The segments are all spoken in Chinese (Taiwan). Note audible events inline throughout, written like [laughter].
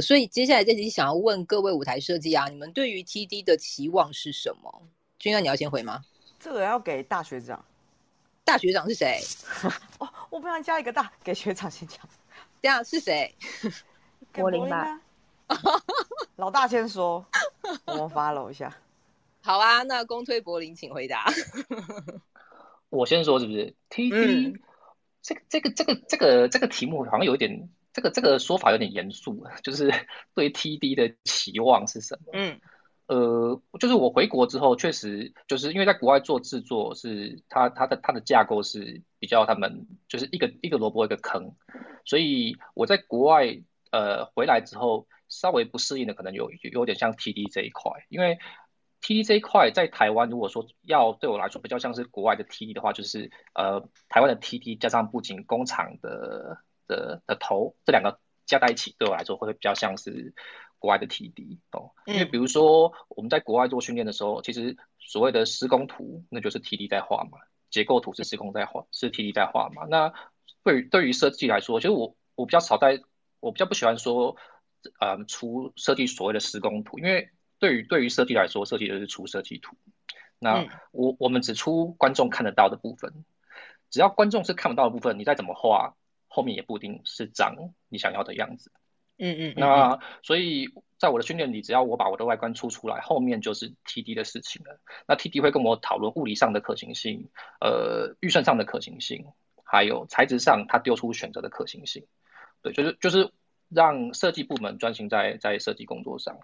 所以接下來這集想要問各位舞台設計啊，你們對於 T D 的期望是什麼？均安，你要先回嗎？這個要給大學長。大學長是誰？哦，我不想加一個大，給學長先講。這樣是誰？柏霖啊！老大先說。我們 follow 一下。好啊，那公推柏霖，請回答。我先說是不是？T D，這個、這個、這個、這個、這個題目好像有一點。這個這個說法有點嚴肅，就是對 TD 的期望是什麼？嗯，呃，就是我回國之後，確實就是因為在國外做制作，是它它的它的架構是比較，他們就是一個一個蘿蔔一個坑，所以我在國外呃回來之後稍微不適應的，可能有有點像 TD 這一塊，因為 TD 這一塊在台灣如果說要對我來說比較像是國外的 TD 的話，就是呃台灣的 TD 加上不僅工廠的。的的頭這兩個加在一起，對我來說會比較像是國外的 TD 哦，嗯、因為比如說我們在國外做訓練的時候，其實所謂的施工圖，那就是 TD 在畫嘛，結構圖是施工在畫，嗯、是 TD 在畫嘛。那對於對於設計來說，其實我我比較少在，我比較不喜歡說，呃出設計所謂的施工圖，因為對於對於設計來說，設計就是出設計圖。那我我們只出觀眾看得到的部分，只要觀眾是看不到的部分，你再怎麼畫，後面也不一定是長你想要的樣子，嗯，嗯嗯，那所以在我的訓練裡，只要我把我的外觀出出來，後面就是 TD 的事情了。那 TD 會跟我討論物理上的可行性，呃，預算上的可行性，還有材質上他丟出選擇的可行性。對，就是就是讓設計部門專心在在設計工作上。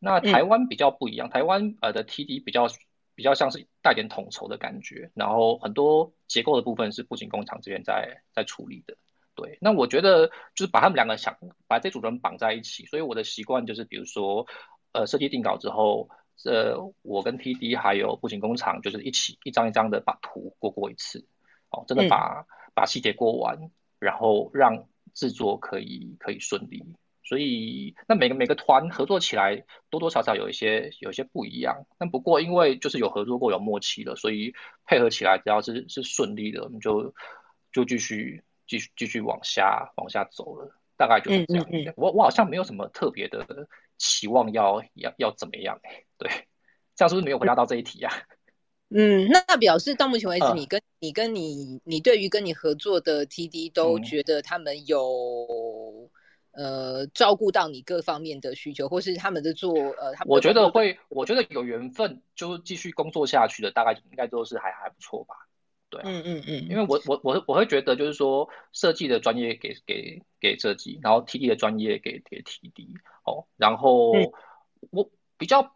那台灣比較不一樣，嗯、台灣呃的 TD 比較比較像是帶點統籌的感覺，然後很多結構的部分是布景工廠這邊在在處理的。對，那我覺得就是把他們兩個想把這組人綁在一起，所以我的習慣就是，比如說，呃，設計定稿之後，呃，我跟 TD 還有步行工廠就是一起一張一張的把圖過過一次，哦，真的把、嗯、把細節過完，然後讓制作可以可以順利。所以那每個每個團合作起來多多少少有一些有一些不一樣，那不過因為就是有合作過有默契的，所以配合起來只要是是順利的，我們就就繼續。繼續繼續往下往下走了，大概就是這樣。嗯嗯、我我好像沒有什麼特別的期望要要要怎麼樣、欸、對，這樣是不是沒有回答到這一題呀、啊嗯？嗯，那那表示到目前為止你，嗯、你跟你跟你你對於跟你合作的 TD 都覺得他們有、嗯、呃照顧到你各方面的需求，或是他們在做呃，他我覺得會，我覺得有緣分就繼續工作下去的，大概應該都是還還不錯吧。對，嗯嗯嗯，因為我我我我會覺得就是說設計的專業給給給設計，然後 TD 的專業給給 TD 哦，然後我比較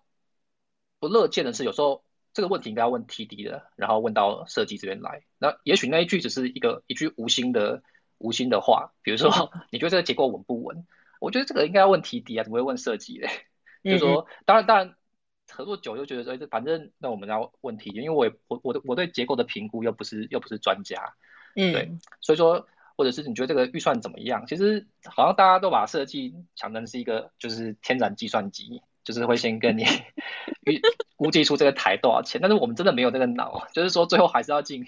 不樂見的是有時候這個問題應該要問 TD 的，然後問到設計這邊來，那也許那一句只是一個一句無心的無心的話，比如說你覺得這個結構穩不穩？我覺得這個應該要問 TD 啊，怎麼會問設計嘞？就是說，當然當然。當然合作久就覺得說哎，反正那我們要問題，因為我我我的我對結構的評估又不是又不是專家，嗯，對，所以說或者是你覺得這個預算怎麼樣？其實好像大家都把設計想成是一個就是天然計算機，就是會先跟你預 [laughs] 估計出這個台多少錢，但是我們真的沒有那個腦，就是說最後還是要進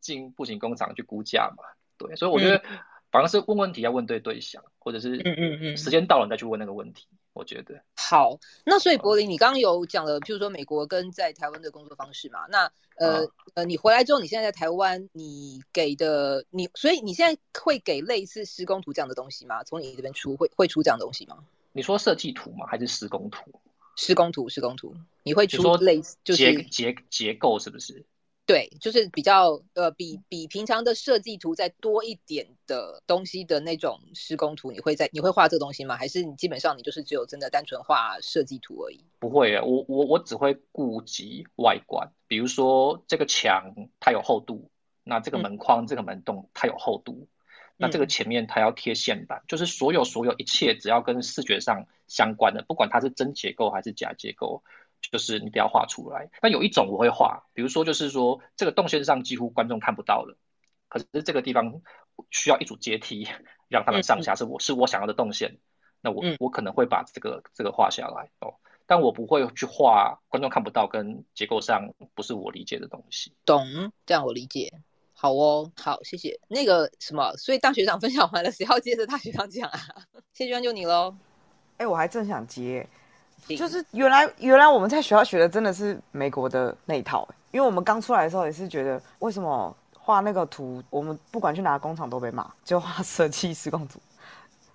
進步行工廠去估價嘛，對，所以我覺得。嗯反而是問問題要問對對象，或者是嗯嗯嗯，時間到了你再去問那個問題。我覺得。好，那所以柏霖，你剛剛有講了，譬如說美國跟在台灣的工作方式嘛。那呃、啊、呃，你回來之後，你現在在台灣，你給的你，所以你現在會給類似施工圖這樣的東西嗎？從你這邊出會會出這樣的東西嗎？你說設計圖嗎？還是施工圖？施工圖，施工圖。你會出類似、就是、結結結構是不是？對，就是比較呃，比比平常的設計圖再多一點的東西的那種施工圖，你會在你會畫這個東西嗎？還是你基本上你就是只有真的單純畫設計圖而已？不會，我我我只會顧及外觀，比如說這個牆它有厚度，那這個門框、嗯、這個門洞它有厚度，那這個前面它要貼線板，嗯、就是所有所有一切只要跟視覺上相關的，不管它是真結構還是假結構。就是你不要畫出來。那有一種我會畫，比如說就是說這個動線上幾乎觀眾看不到了，可是這個地方需要一組階梯讓他們上下，是我、嗯、是我想要的動線。那我、嗯、我可能會把這個這個畫下來哦，但我不會去畫觀眾看不到跟結構上不是我理解的東西。懂，這樣我理解。好哦，好，謝謝。那個什麼，所以大學長分享完了，誰要接着大學長講啊？謝均安，就你嘍。哎、欸，我還正想接。就是原來原來我們在學校學的真的是美國的那一套，因為我們剛出來的時候也是覺得為什麼畫那個圖，我們不管去哪個工廠都被罵，就畫設計施工圖，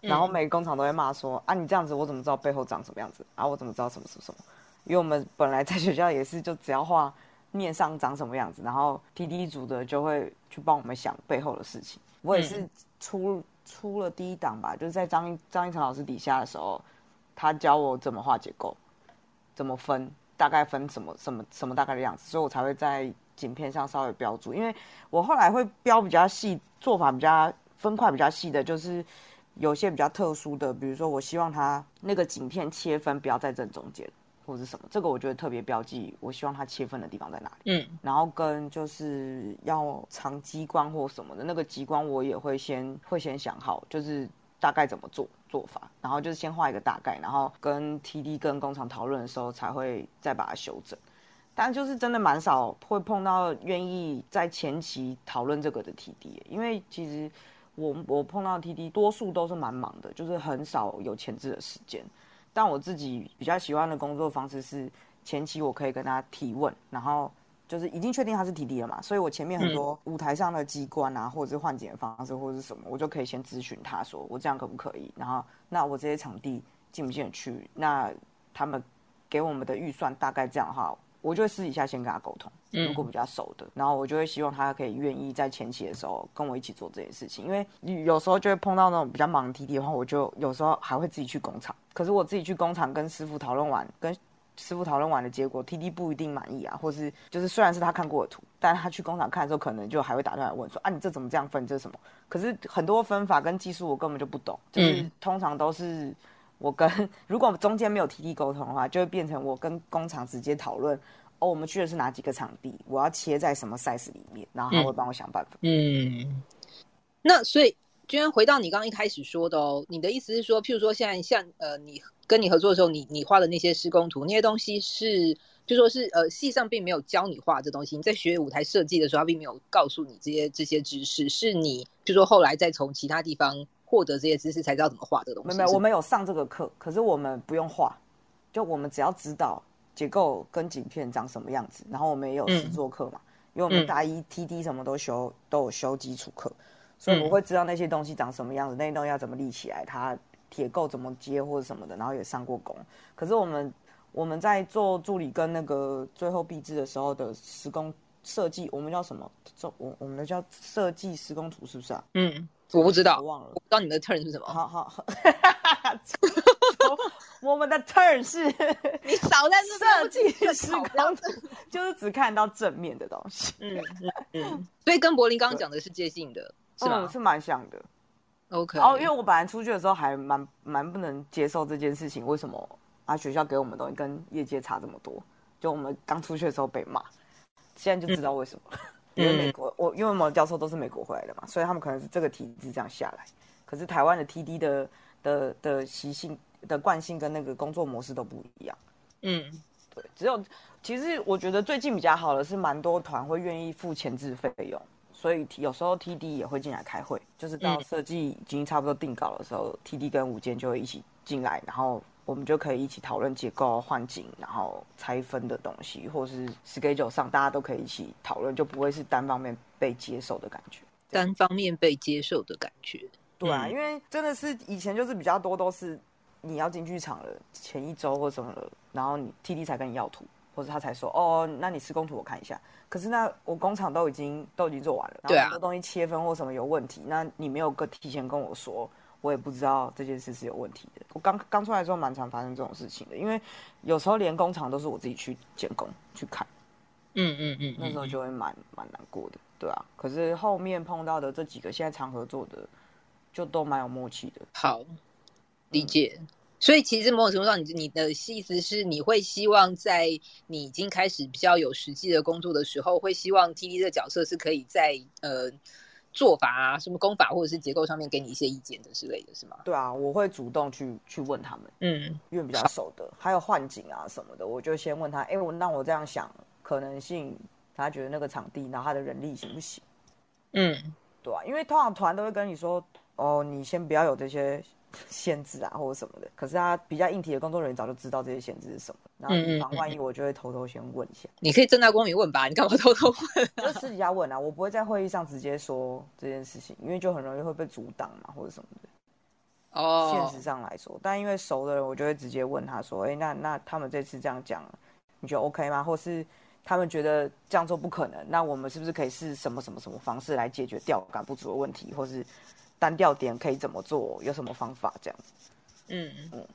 然後每個工廠都會罵說啊，你這樣子，我怎麼知道背後長什麼樣子啊？我怎麼知道什麼是什麼，什麼？因為我們本來在學校也是就只要畫面上長什麼樣子，然後 T D 組的就會去幫我們想背後的事情。我也是出出了第一檔吧，就是在張張一成老師底下的時候。他教我怎麼畫結構，怎麼分，大概分什麼什麼什麼大概的樣子，所以我才會在景片上稍微標註。因為我後來會標比較細，做法比較分塊比較細的，就是有些比較特殊的，比如說我希望它那個景片切分不要在正中間，或者是什麼，這個我覺得特別標記，我希望它切分的地方在哪裡。嗯，然後跟就是要藏機關或什麼的那個機關，我也會先會先想好，就是大概怎麼做。做法，然後就是先畫一個大概，然後跟 TD 跟工廠討論的時候才會再把它修正。但就是真的蠻少會碰到願意在前期討論這個的 TD，因為其實我我碰到 TD 多數都是蠻忙的，就是很少有前置的時間。但我自己比較喜歡的工作方式是前期我可以跟他提問，然後。就是已經確定他是 T D 了嘛，所以我前面很多舞台上的機關啊，或者是換景的方式，或者是什麼，我就可以先諮詢他說，我這樣可不可以，然後那我這些場地進不進得去，那他們給我們的預算大概這樣的話，我就私底下先跟他溝通，如果比較熟的，嗯、然後我就會希望他可以願意在前期的時候跟我一起做這件事情，因為有時候就會碰到那種比較忙的 T D 的話，我就有時候還會自己去工廠，可是我自己去工廠跟師傅討論完跟。師傅討論完的結果，TD 不一定滿意啊，或是就是雖然是他看過的圖，但他去工廠看的時候，可能就還會打電話問說啊，你這怎麼這樣分？這是什麼？可是很多分法跟技術我根本就不懂，就是通常都是我跟如果中間沒有 TD 溝通的話，就會變成我跟工廠直接討論哦，我們去的是哪幾個場地？我要切在什麼 size 裡面，然後他會幫我想辦法。嗯，嗯那所以，居然回到你剛剛一開始說的哦，你的意思是說，譬如說現在像呃你。跟你合作的時候你，你你畫的那些施工圖，那些東西是就說是呃，係上並沒有教你畫這東西。你在學舞台設計的時候，他並沒有告訴你這些這些知識，是你就說後來再從其他地方獲得這些知識，才知道怎麼畫這個東西。沒有我沒有上這個課，可是我們不用畫，就我們只要知道結構跟景片長什麼樣子。然後我們也有實作課嘛，嗯、因為我們大一、嗯、TD 什麼都修，都有修基礎課，所以我會知道那些東西長什麼樣子，嗯、那些東西要怎麼立起來，它。鐵構怎麼接或者什麼的，然後也上過工。可是我們我們在做助理跟那個最後布置的時候的施工設計，我們叫什麼？做我我們的叫設計施工圖是不是啊？嗯，我不知道，嗯、我忘了。我不知道你的 turn 是什麼？好好好哈哈 [laughs] 我，我們的 turn 是 [laughs] 你少在這設計施工 [laughs] 就是只看到正面的東西。 [laughs] 嗯嗯，所以跟柏霖剛剛講的是接近的，對是吧嗎、嗯？是蠻像的。Okay. 哦，因為我本來出去的時候還蠻蠻不能接受這件事情，為什麼啊？學校給我們的東西跟業界差這麼多？就我們剛出去的時候被罵，現在就知道為什麼。嗯、因為美國，我因為我們教授都是美國回來的嘛，所以他們可能是這個體制這樣下來，可是台灣的 TD 的的的習性的慣性跟那個工作模式都不一樣。嗯，對，只有其實我覺得最近比較好的是，蠻多團會願意付前置費用。所以有時候 TD 也會進來開會，就是到設計已經差不多定稿的時候、嗯、TD 跟舞監就會一起進來，然後我們就可以一起討論結構、換景，然後拆分的東西，或是 schedule 上大家都可以一起討論，就不會是單方面被接受的感覺。單方面被接受的感覺。對啊，嗯、因為真的是以前就是比較多都是你要進劇場了前一周或什麼然後你 TD 才跟你要圖。或者他才說哦，那你施工圖我看一下。可是那我工廠都已經都已經做完了，然後很多東西切分或什麼有問題，啊、那你沒有個提前跟我說，我也不知道這件事是有問題的。我剛剛出來的時候蠻常發生這種事情的，因為有時候連工廠都是我自己去監工去看。嗯嗯嗯，嗯嗯嗯，那時候就會蠻蠻難過的，對啊。可是後面碰到的這幾個現在常合作的，就都蠻有默契的。好，理解。嗯所以其實某種程度上，你、你的意思是，你會希望在你已經開始比較有實際的工作的時候，會希望 TD 的角色是可以在呃做法啊、什麼工法或者是結構上面給你一些意見的之類的是嗎？對啊，我會主動去去問他們，嗯，因為比較熟的，好還有換景啊什麼的，我就先問他，哎、欸，我那我這樣想，可能性他覺得那個場地拿他的人力行不行？嗯，對啊，因為通常團都會跟你說，哦，你先不要有這些。限制啊，或者什麼的。可是他、啊、比較硬體的工作人員早就知道這些限制是什麼，那以、嗯、防萬一，我就會偷偷先問一下。你可以正大光明問吧，你幹嘛偷偷問、啊？就私底下問啊，我不會在會議上直接說這件事情，因為就很容易會被阻擋嘛、啊，或者什麼的。哦，oh. 現實上來說，但因為熟的人，我就會直接問他說：“哎、欸，那那他們這次這樣講，你覺得 OK 嗎？或是他們覺得這樣做不可能，那我們是不是可以試什麼什麼什麼方式來解決吊桿不足的問題，或是？”單調點可以怎麼做？有什麼方法？這樣，嗯嗯，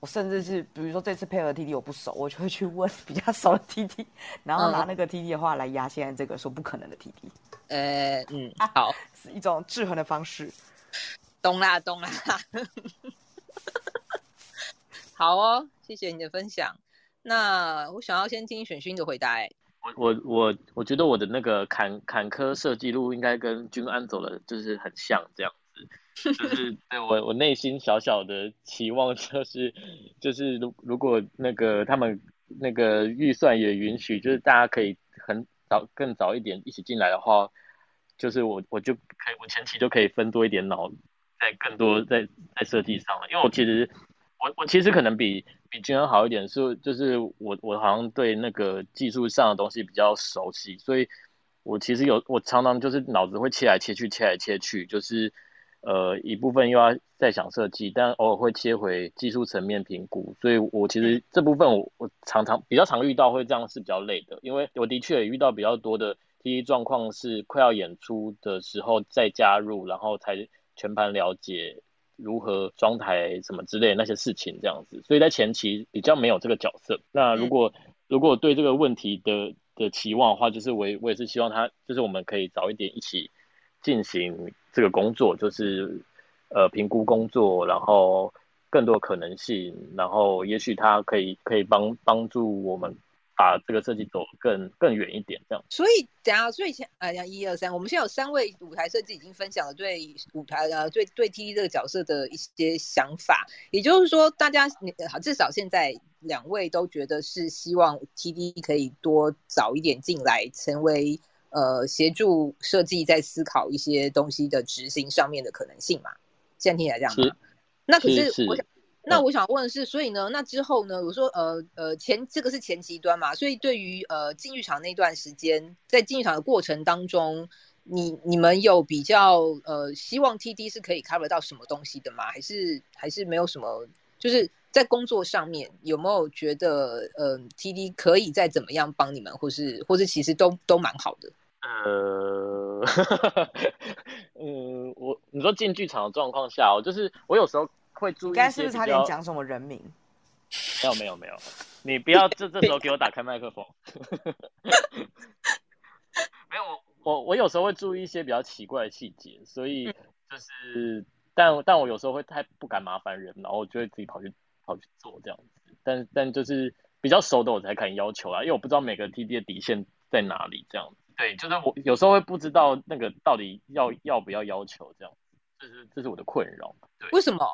我甚至是比如說這次配合 TD 我不熟，我就會去問比較熟的 TD，然後拿那個 TD 的話來壓現在這個說不可能的 TD。呃、嗯，啊、嗯，好，是一種制衡的方式，懂啦，懂啦。 [laughs] 好哦，謝謝你的分享。那我想要先聽烜勛的回答，欸我。我我我我覺得我的那個坎坎坷設計路應該跟均安走的就是很像這樣。 [laughs] 就是對我我內心小小的期望、就是，就是就是如如果那個他們那個預算也允許，就是大家可以很早更早一點一起進來的話，就是我我就可以我前期就可以分多一點腦在更多在在設計上了，因為我其實我我其實可能比比均安好一點，是就是我我好像對那個技術上的東西比較熟悉，所以我其實有我常常就是腦子會切來切去切來切去，就是。呃，一部分又要再想設計，但偶爾會切回技術層面評估，所以我其實這部分我我常常比較常遇到會這樣是比較累的，因為我的確也遇到比較多的 TD 狀況是快要演出的時候再加入，然後才全盤了解如何裝台什麼之類的那些事情這樣子，所以在前期比較沒有這個角色。那如果、嗯、如果對這個問題的的期望的話，就是我我也是希望他就是我們可以早一點一起。進行這個工作，就是呃評估工作，然後更多可能性，然後也許它可以可以幫幫助我們把這個設計走更更遠一點，這樣所以等下。所以，啊、等下，所以先哎像一二三，我們現在有三位舞台設計已經分享了對舞台呃對對 TD 這個角色的一些想法，也就是說，大家至少現在兩位都覺得是希望 TD 可以多早一點進來成為。呃，協助設計在思考一些東西的執行上面的可能性嘛，現在聽起來這樣子，是那可是我想，那我想問的是，所以呢，那之後呢，我說呃呃前這個是前期端嘛，所以對於呃進劇場那段時間，在進劇場的過程當中，你你們有比較呃希望 TD 是可以 cover 到什麼東西的嗎？還是還是沒有什麼？就是在工作上面有沒有覺得呃 TD 可以再怎麼樣幫你們，或是或是其實都都蠻好的。呃，哈哈哈，嗯，我你說進劇場的狀況下，哦，我就是我有時候會注意，剛剛是不是差點講什麼人名？沒有沒有沒有，你不要這這時候給我打開麥克風。 [laughs] [laughs] 沒有我我，我有時候會注意一些比較奇怪的細節，所以就是，嗯、但但我有時候會太不敢麻煩人，然後我就會自己跑去跑去做這樣子。但但就是比較熟的我才敢要求啊，因為我不知道每個 TD 的底線在哪裡這樣子。對，就是我，我有時候會不知道那個到底要要不要要求這樣，這是這是我的困擾。對。為什麼？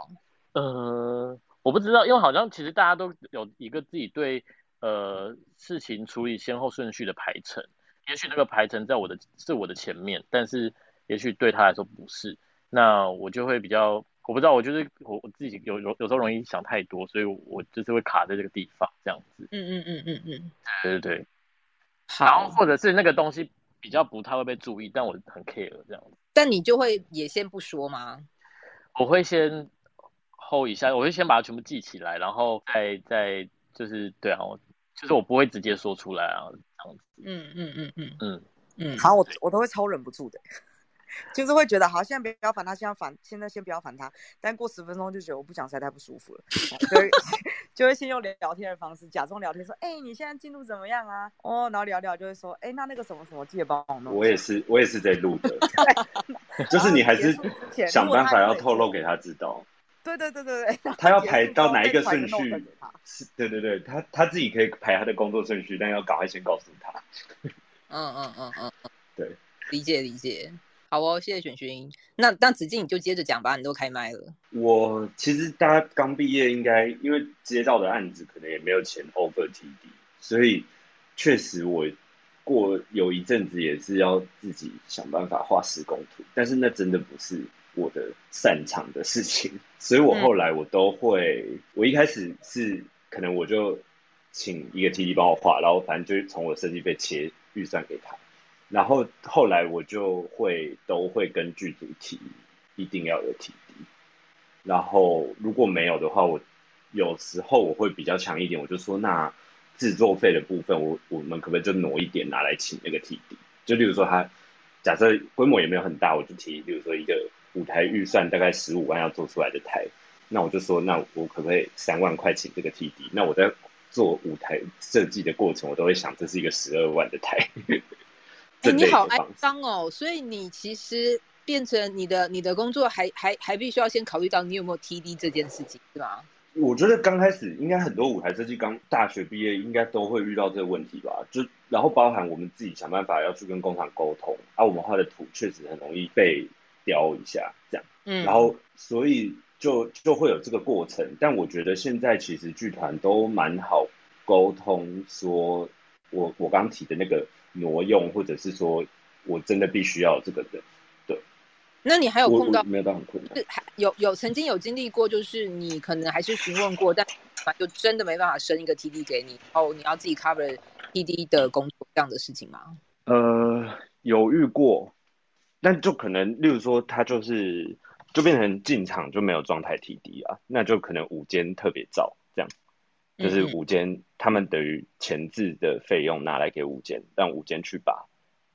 呃，我不知道，因為好像其實大家都有一個自己對呃事情處理先後順序的排程，也許那個排程在我的是我的前面，但是也許對他來說不是，那我就會比較我不知道，我就是我我自己有有有時候容易想太多，所以我就是會卡在這個地方這樣子。嗯嗯嗯嗯嗯。對對對。好。然後或者是那個東西。比較不太會被注意，但我很 care 這樣子。但你就會也先不說嗎？我會先 hold 一下，我會先把它全部記起來，然後再再，就是對啊，就是我不會直接說出來啊這樣子。嗯嗯嗯嗯嗯嗯，好，我我都會超忍不住的。就是會覺得好，現在不要煩他，先要煩，現在先不要煩他。但過十分鐘就覺得我不想曬太不舒服了， [laughs] 所以就會先用聊天的方式假裝聊天，說：“哎、欸，你現在進度怎麼樣啊？”哦、oh,，然後聊聊就會說：“哎、欸，那那個什麼什麼，記得幫我弄。”我也是，我也是在錄的。對， [laughs] 就是你還是想辦法要透露給他知道。 [laughs] 對對對對對。他要排到哪一個順序？對對、 [laughs] 嗯嗯嗯嗯、對，他他自己可以排他的工作順序，但要趕快先告訴他。嗯嗯嗯嗯嗯。對，理解理解。好哦，謝謝烜勛。那那子敬你就接着講吧，你都開麥了。我其實大家剛畢業，應該因為接到的案子可能也沒有錢 over TD，所以確實我過有一陣子也是要自己想辦法畫施工圖，但是那真的不是我的擅長的事情，所以我後來我都會，嗯、我一開始是可能我就請一個 TD 幫我畫，然後反正就從我的設計費切預算給他。然後後來我就會都會跟劇組提，一定要有 TD。然後如果沒有的話，我有時候我會比較強一點，我就說，那制作費的部分，我我們可不可以就挪一點拿來請那個 TD？就例如說他假設規模也沒有很大，我就提，例如說一個舞台預算大概十五萬要做出來的台，那我就說那我可不可以三萬塊請這個 TD？那我在做舞台設計的過程，我都會想這是一個十二萬的台。 [laughs] 欸、你好，哀髒哦。所以你其實變成你的你的工作還，還還還必須要先考慮到你有沒有 TD 這件事情，對嗎？我覺得剛開始應該很多舞台設計剛大學畢業，應該都會遇到這個問題吧。就然後包含我們自己想辦法要去跟工廠溝通啊，我們畫的圖確實很容易被雕一下這樣。嗯。然後所以就就會有這個過程，但我覺得現在其實劇團都蠻好溝通，說我我剛剛提的那個。挪用，或者是說我真的必須要這個人，對。那你還有碰到沒有到很困難？有有，曾經有經歷過，就是你可能還是詢問過，但就真的沒辦法生一個 TD 給你，然後你要自己 cover TD 的工作這樣的事情嗎？呃，有遇過，那就可能例如說他就是就變成進場就沒有狀態 TD 啊，那就可能午間特別早這樣。就是舞監，嗯嗯，他們等於前置的費用拿來給舞監，讓舞監去把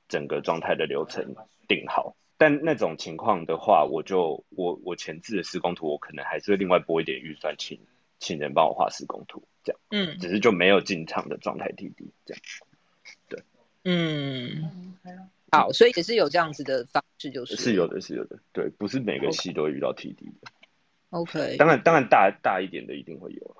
整個狀態的流程定好。但那種情況的話，我就我我前置的施工圖，我可能還是會另外撥一點預算，請請人幫我畫施工圖，這樣。嗯，只是就沒有進場的狀態 TD 這樣。對，嗯，好，所以也是有這樣子的方式，就是是有的，是有的，對，不是每個戲都會遇到 TD 的。OK，當然當然大大一點的一定會有。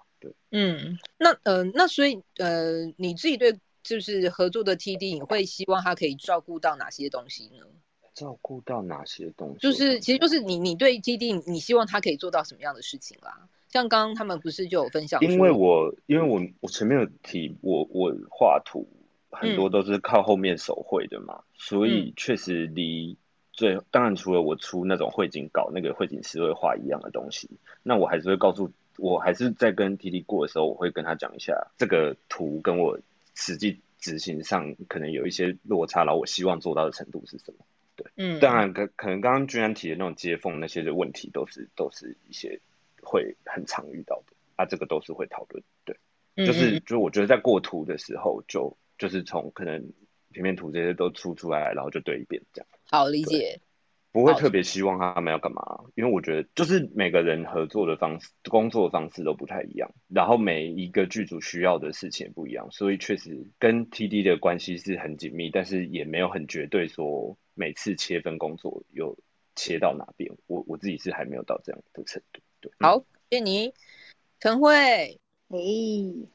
嗯，那呃，那所以呃，你自己對就是合作的 T D，你會希望他可以照顧到哪些東西呢？照顧到哪些東西？就是，其實就是你，你對 T D，你希望他可以做到什麼樣的事情啦？像剛剛他們不是就有分享，因為我，因為我，我前面有提，我我畫圖很多都是靠後面手繪的嘛，嗯、所以確實離最當然，除了我出那種繪景稿，那個繪景師會畫一樣的東西，那我還是會告訴。我還是在跟 TD 過的時候，我會跟他講一下這個圖跟我實際執行上可能有一些落差，然後我希望做到的程度是什麼？對，嗯，當然可可能剛剛均安提的那種接縫那些的問題，都是都是一些會很常遇到的啊，這個都是會討論。對，就是就是我覺得在過圖的時候，就就是從可能平面圖這些都出出來,來，然後就對一遍這樣好。好理解。不會特別希望他們要幹嘛，好因為我覺得就是每個人合作的方式、嗯、工作方式都不太一樣，然後每一個劇組需要的事情也不一樣，所以確實跟 TD 的關係是很緊密，但是也沒有很絕對說每次切分工作有切到哪邊，我我自己是還沒有到這樣的程度。嗯、好，燕妮、陳慧，嘿，hey,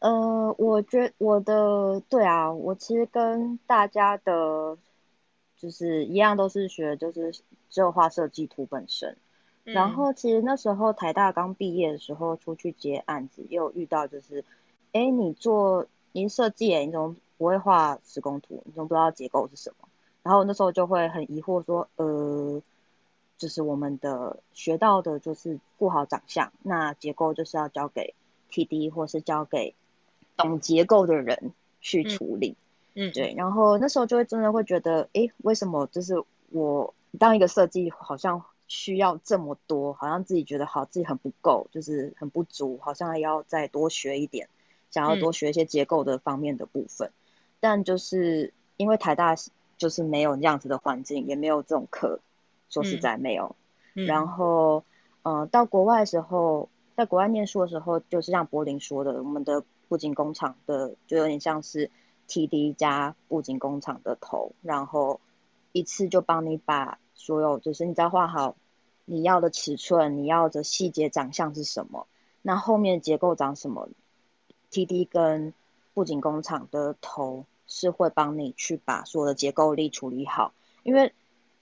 呃，我覺得我的對啊，我其實跟大家的。就是一樣都是學，就是只有畫設計圖本身。嗯、然後其實那時候台大剛畢業的時候出去接案子，又遇到就是，哎，你做你設計、欸、你總不會畫施工圖，你總不知道結構是什麼。然後那時候就會很疑惑說，呃，就是我們的學到的就是顧好長相，那結構就是要交給 TD 或是交給懂結構的人去處理。嗯嗯，對，然後那時候就會真的會覺得，誒、欸、為什麼就是我當一個設計好像需要這麼多，好像自己覺得好自己很不夠，就是很不足，好像還要再多學一點，想要多學一些結構的方面的部分。嗯、但就是因為台大就是沒有那樣子的環境，也沒有這種課，說實在沒有。嗯嗯、然後嗯、呃，到國外的時候，在國外念書的時候，就是像柏霖說的，我們的布景工廠的就有點像是。TD 加布景工廠的頭，然後一次就幫你把所有，就是你只要畫好你要的尺寸，你要的細節長相是什麼，那後面的結構長什麼，TD 跟布景工廠的頭是會幫你去把所有的結構力處理好，因為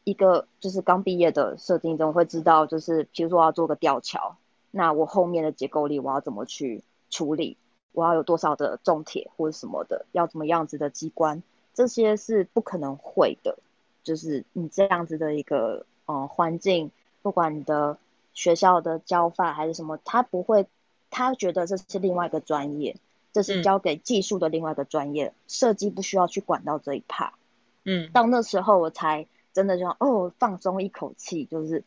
一個就是剛畢業的設定中會知道，就是比如說我要做個吊橋，那我後面的結構力我要怎麼去處理？我要有多少的重鐵或者什麼的，要怎麼樣子的機關，這些是不可能會的。就是你這樣子的一個嗯、呃、環境，不管你的學校的教法還是什麼，他不會，他覺得這是另外一個專業，這是交給技術的另外一個專業，嗯、設計不需要去管到這一 part。嗯，到那時候我才真的就哦放鬆一口氣，就是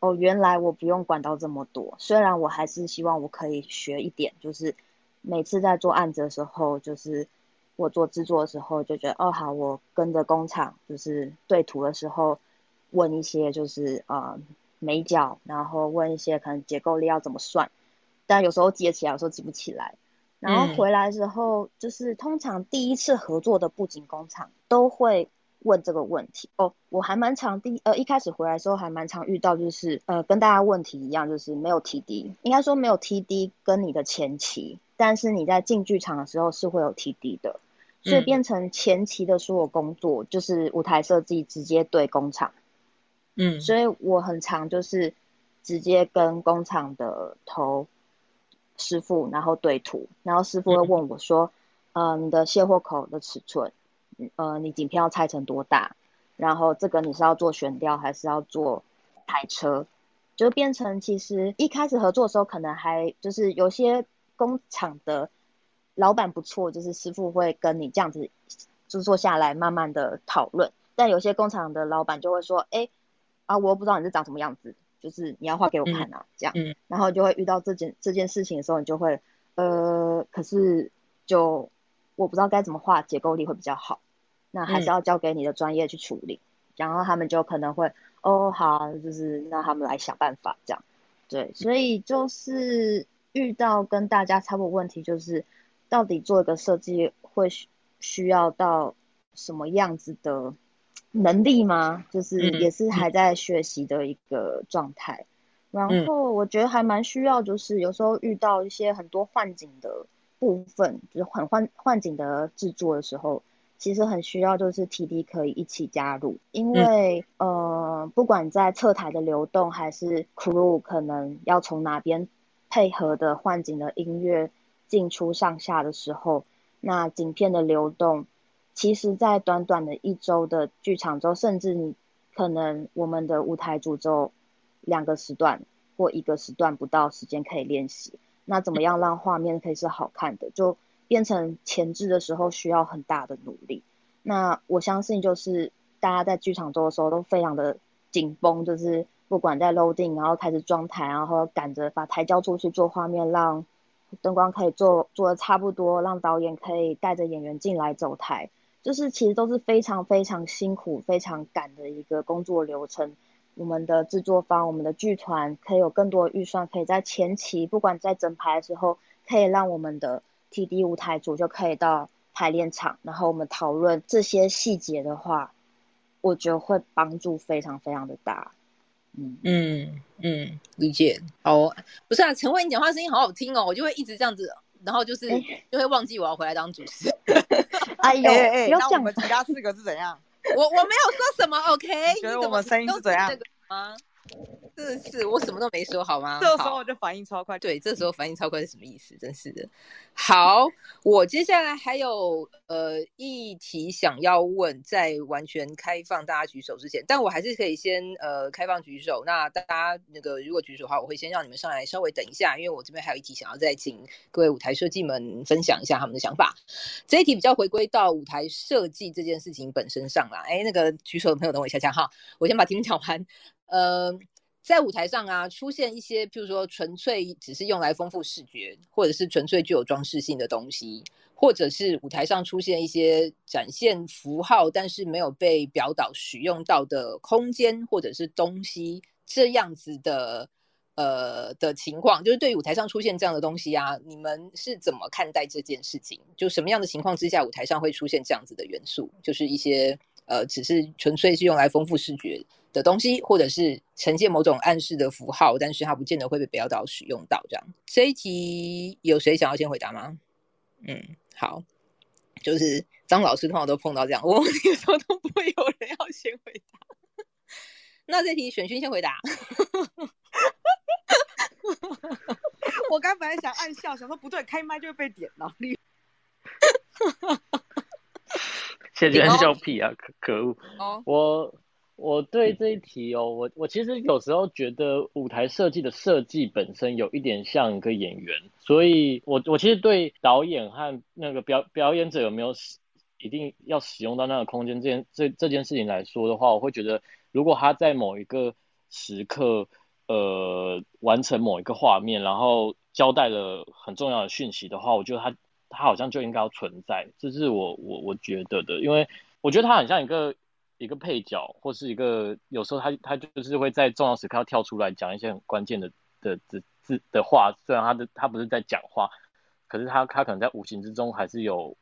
哦原來我不用管到這麼多，雖然我還是希望我可以學一點，就是。每次在做案子的時候，就是我做製作的時候，就覺得哦好，我跟着工廠，就是對圖的時候問一些，就是呃美角，然後問一些可能結構力要怎麼算，但有時候接起來有時候接不起來。然後回來之後，嗯、就是通常第一次合作的布景工廠都會問這個問題哦。我還蠻常第一呃一開始回來的時候還蠻常遇到，就是呃跟大家問題一樣，就是沒有 TD，應該說沒有 TD 跟你的前期。但是你在進劇場的時候是會有 TD 的，所以變成前期的所有工作、嗯、就是舞台設計直接對工廠，嗯，所以我很常就是直接跟工廠的頭師傅，然後對圖，然後師傅會問我說，嗯、呃，你的卸貨口的尺寸，呃，你景片要拆成多大，然後這個你是要做懸吊還是要做台車，就變成其實一開始合作的時候可能還就是有些。工廠的老闆不錯，就是師傅會跟你這樣子就坐下來，慢慢的討論。但有些工廠的老闆就會說：“哎、欸，啊，我不知道你是長什麼樣子，就是你要畫給我看啊，嗯、這樣。”然後就會遇到這件這件事情的時候，你就會呃，可是就我不知道該怎麼畫，結構力會比較好，那還是要交給你的專業去處理。嗯、然後他們就可能會哦，好，就是讓他們來想辦法這樣。對，所以就是。嗯遇到跟大家差不多問題，就是到底做一個設計會需需要到什麼樣子的能力嗎？就是也是還在學習的一個狀態。嗯、然後我覺得還蠻需要，就是有時候遇到一些很多換景的部分，就是很換換景的製作的時候，其實很需要就是 TD 可以一起加入，因為、嗯、呃，不管在側台的流動還是 Crew 可能要從哪邊。配合的換景的音樂進出上下的時候，那景片的流動，其實在短短的一周的劇場中，甚至你可能我們的舞台組，只有兩個時段或一個時段不到時間可以練習。那怎麼樣讓畫面可以是好看的，就變成前置的時候需要很大的努力。那我相信就是大家在劇場中的時候都非常的緊繃，就是。不管在 loading，然後開始裝臺，然後趕着把臺交出去做畫面，讓燈光可以做做的差不多，讓導演可以帶着演員進來走臺，就是其實都是非常非常辛苦，非常趕的一個工作流程。我們的製作方、我們的劇團可以有更多的預算，可以在前期，不管在整排的時候，可以讓我們的 TD 舞臺組就可以到排練場，然後我們討論這些細節的話，我覺得會幫助非常非常的大。嗯嗯，理解。好、哦，不是啊，陳慧，你講話聲音好好聽哦，我就會一直這樣子，然後就是、欸、就會忘記我要回來當主持。哎呦、哎，那我們其他四個是怎樣？ [laughs] 我我沒有說什麼，OK？你覺得我們聲音是怎樣啊？是，是我什麼都沒說，好嗎？好，這時候我就反應超快。對，這時候反應超快是什麼意思？真是的。好，我接下來還有呃一題想要問，在完全開放大家舉手之前，但我還是可以先呃開放舉手。那大家那個如果舉手的話，我會先讓你們上來稍微等一下，因為我這邊還有一題想要再請各位舞台設計們分享一下他們的想法。這一題比較回歸到舞台設計這件事情本身上啦。哎，那個舉手的朋友等我一下下哈，我先把題目講完。呃，在舞台上啊，出現一些，譬如說純粹只是用來豐富視覺，或者是純粹具有裝飾性的東西，或者是舞台上出現一些展現符號，但是沒有被表導使用到的空間或者是東西，這樣子的呃的情況，就是對於舞台上出現這樣的東西啊，你們是怎麼看待這件事情？就什麼樣的情況之下，舞台上會出現這樣子的元素？就是一些呃，只是純粹是用來豐富視覺。的東西，或者是呈現某種暗示的符號，但是它不見得會被表導使用到這樣。這一題有誰想要先回答嗎？嗯，好，就是張老師通常都碰到這樣，我問的時候都不會有人要先回答。 [laughs] 那這一題烜勛先回答。 [laughs] [laughs] 我剛本來想暗笑，想說不對，開麥就會被點了。哈哈哈哈屁啊，哦、可可惡！哦、我。我對這一題哦，嗯、我我其實有時候覺得舞台設計的設計本身有一點像一個演員，所以我我其實對導演和那個表表演者有沒有一定要使用到那個空間這件這這件事情來說的話，我會覺得如果他在某一個時刻呃完成某一個畫面，然後交代了很重要的訊息的話，我覺得他他好像就應該要存在，這是我我我覺得的，因為我覺得他很像一個。一個配角，或是一個有時候他他就是會在重要時刻要跳出來講一些很關鍵的的的字的話，雖然他的他不是在講話，可是他他可能在無形之中還是有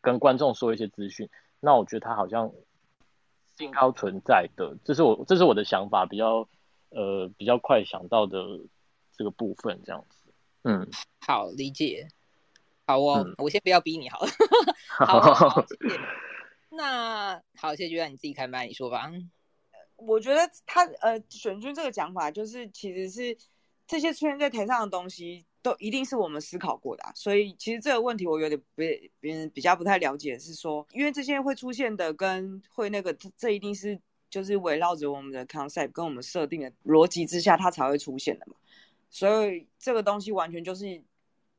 跟觀眾說一些資訊。那我覺得他好像信號存在的，這是我這是我的想法，比較呃比較快想到的這個部分這樣子。嗯，好理解，好哦，嗯、我先不要逼你，好， [laughs] 好，好，好，好， [laughs] 謝謝那好，現在就讓你自己開麥，你說吧。嗯，我覺得他呃，烜勛這個講法就是，其實是這些出現在台上的東西，都一定是我們思考過的啊。所以其實這個問題我有點別，別人比較不太了解，是說，因為這些會出現的跟會那個，這一定是就是圍繞着我們的 concept 跟我們設定的邏輯之下，它才會出現的嘛。所以這個東西完全就是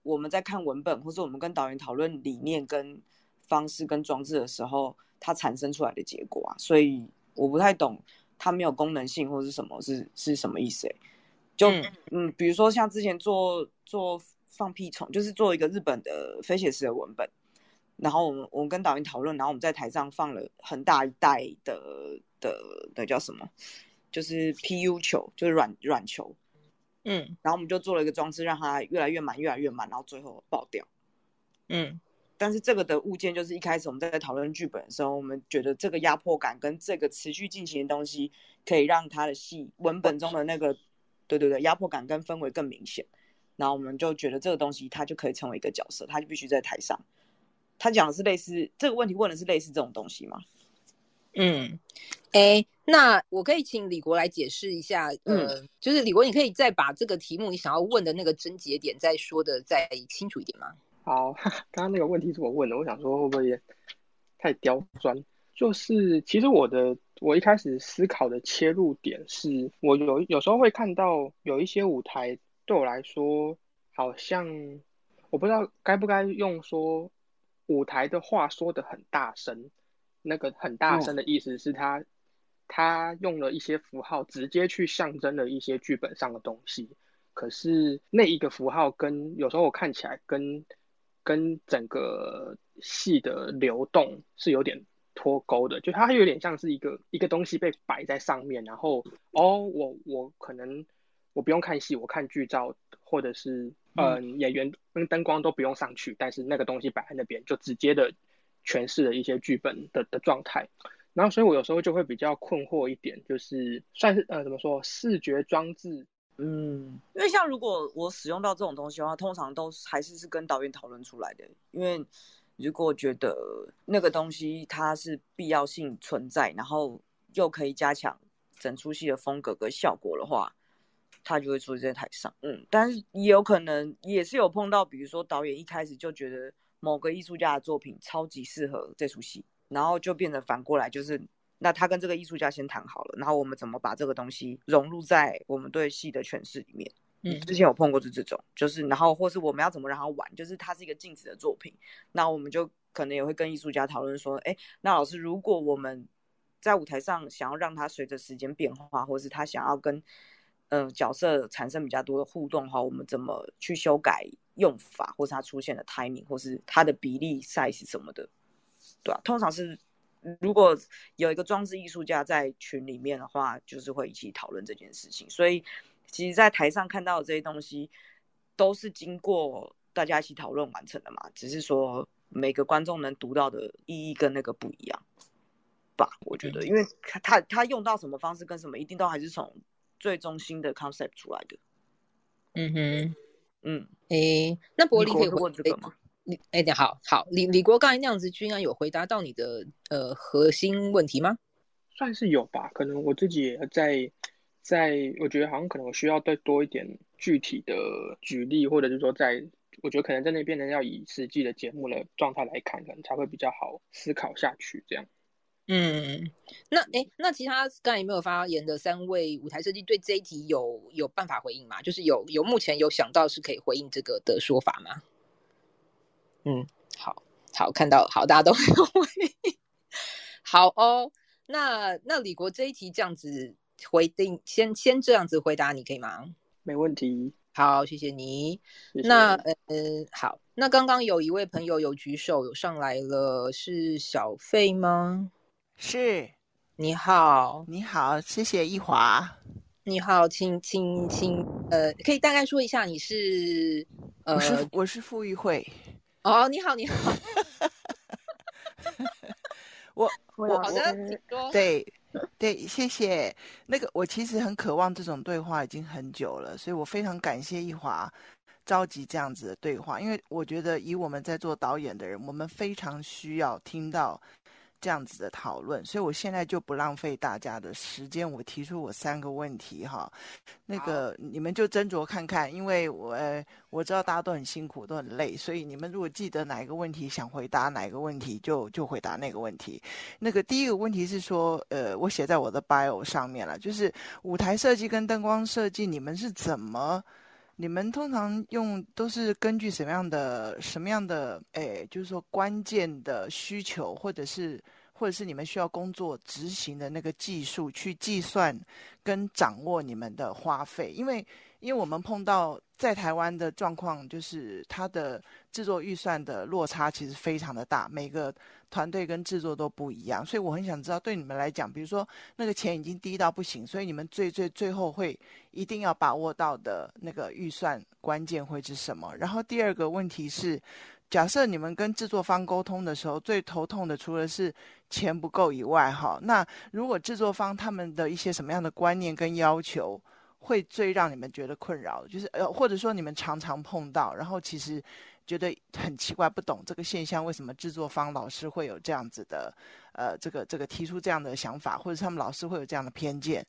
我們在看文本，或是我們跟導演討論理念跟。方式跟裝置的時候，它產生出來的結果啊，所以我不太懂它沒有功能性或者是什麼是是什麼意思、欸？就嗯，嗯，比如說像之前做做放屁蟲，就是做一個日本的非寫實的文本，然後我們我們跟導演討論，然後我們在台上放了很大一袋的的的、的叫什麼，就是 PU 球，就是軟軟球，嗯，然後我們就做了一個裝置，讓它越來越滿，越來越滿，然後最後爆掉，嗯。但是這個的物件，就是一開始我們在討論劇本的時候，我們覺得這個壓迫感跟這個持續進行的東西，可以讓他的戲文本中的那個，對，對對對，壓迫感跟氛圍更明顯。然後我們就覺得這個東西，它就可以成為一個角色，他就必須在台上。他講的是類似這個問題，問的是類似這種東西嗎？嗯，哎，那我可以請李國來解釋一下。嗯、呃，就是李國，你可以再把這個題目你想要問的那個症結點，再說的再清楚一點嗎？好，哈哈，剛剛那個問題是我問的，我想說會不會也太刁鑽？就是其實我的我一開始思考的切入點是我有有時候會看到有一些舞台對我來說好像我不知道該不該用說舞台的話說得很大聲，那個很大聲的意思是他、嗯、他用了一些符號直接去象徵了一些劇本上的東西，可是那一個符號跟有時候我看起來跟。跟整個戲的流動是有點脫鈎的，就它有點像是一個一個東西被擺在上面，然後哦，我我可能我不用看戲，我看劇照，或者是嗯、呃、演員跟燈光都不用上去，但是那個東西擺在那邊就直接的詮釋了一些劇本的的狀態。然後所以我有時候就會比較困惑一點，就是算是呃怎麼說視覺裝置。嗯，因為像如果我使用到這種東西的話，通常都還是是跟導演討論出來的。因為如果覺得那個東西它是必要性存在，然後又可以加強整出戲的風格跟效果的話，它就會出現在台上。嗯，但是也有可能也是有碰到，比如說導演一開始就覺得某個藝術家的作品超級適合這出戲，然後就變得反過來就是。那他跟這個藝術家先談好了，然後我們怎麼把這個東西融入在我們對戲的詮釋裡面？嗯，之前有碰過是這種，就是然後或是我們要怎麼讓他玩，就是他是一個鏡子的作品，那我們就可能也會跟藝術家討論說，哎，那老師如果我們在舞台上想要讓他隨着時間變化，或是他想要跟嗯、呃、角色產生比較多的互動的話，我們怎麼去修改用法，或是他出現的 timing，或是他的比例 size 什麼的，對吧、啊？通常是。如果有一個裝置藝術家在群裡面的話，就是會一起討論這件事情。所以，其實，在台上看到的這些東西，都是經過大家一起討論完成的嘛。只是說，每個觀眾能讀到的意義跟那個不一樣吧？Okay. 我覺得，因為他他用到什麼方式跟什麼，一定都還是從最中心的 concept 出來的。嗯哼、mm，hmm. 嗯，誒，那柏霖可以問這個嗎？李哎，你、欸、好，好，李李國，剛才那樣子，均安有回答到你的呃核心問題嗎？算是有吧，可能我自己在在，在我覺得好像可能我需要再多一點具體的舉例，或者就是說在，在我覺得可能在那邊呢要以實際的節目的狀態來看，可能才會比較好思考下去這樣。嗯，那哎、欸，那其他剛才有沒有發言的三位舞台設計，對這一題有有辦法回應嗎？就是有有目前有想到是可以回應這個的說法嗎？嗯，好，好看到好，大家都好哦。那那李國這一題這樣子回定，先先這樣子回答，你可以嗎？沒問題。好，謝謝你。謝謝你那，嗯好。那剛剛有一位朋友有舉手上來了，是小傅嗎？是。你好，你好，謝謝一華。你好，請請請，呃，可以大概說一下你是？呃、我是我是傅裕惠。哦，oh, 你好，你好， [laughs] 我我好,我好對對，謝謝。那個，我其實很渴望這種對話已經很久了，所以我非常感謝一華召集這樣子的對話，因為我覺得以我們在做導演的人，我們非常需要聽到。這樣子的討論，所以我現在就不浪費大家的時間，我提出我三個問題哈，那個你們就斟酌看看，因為我我知道大家都很辛苦，都很累，所以你們如果記得哪一個問題想回答哪一個問題，就就回答那個問題。那個第一個問題是說，呃，我寫在我的 bio 上面了，就是舞台設計跟燈光設計，你們是怎麼？你們通常用都是根據什麼樣的什麼樣的誒，就是說關鍵的需求，或者是或者是你們需要工作執行的那個技術去計算跟掌握你們的花費，因為因為我們碰到。在台灣的狀況就是，它的制作預算的落差其實非常的大，每個團隊跟制作都不一樣，所以我很想知道，對你們來講，比如說那個錢已經低到不行，所以你們最最最後會一定要把握到的那個預算關鍵會是什麼？然後第二個問題是，假設你們跟制作方溝通的時候，最頭痛的除了是錢不夠以外，哈，那如果制作方他們的一些什麼樣的觀念跟要求？會最讓你們覺得困擾，就是呃，或者說你們常常碰到，然後其實覺得很奇怪，不懂這個現象為什麼制作方老師會有這樣子的，呃，這個這個提出這樣的想法，或者他們老師會有這樣的偏見。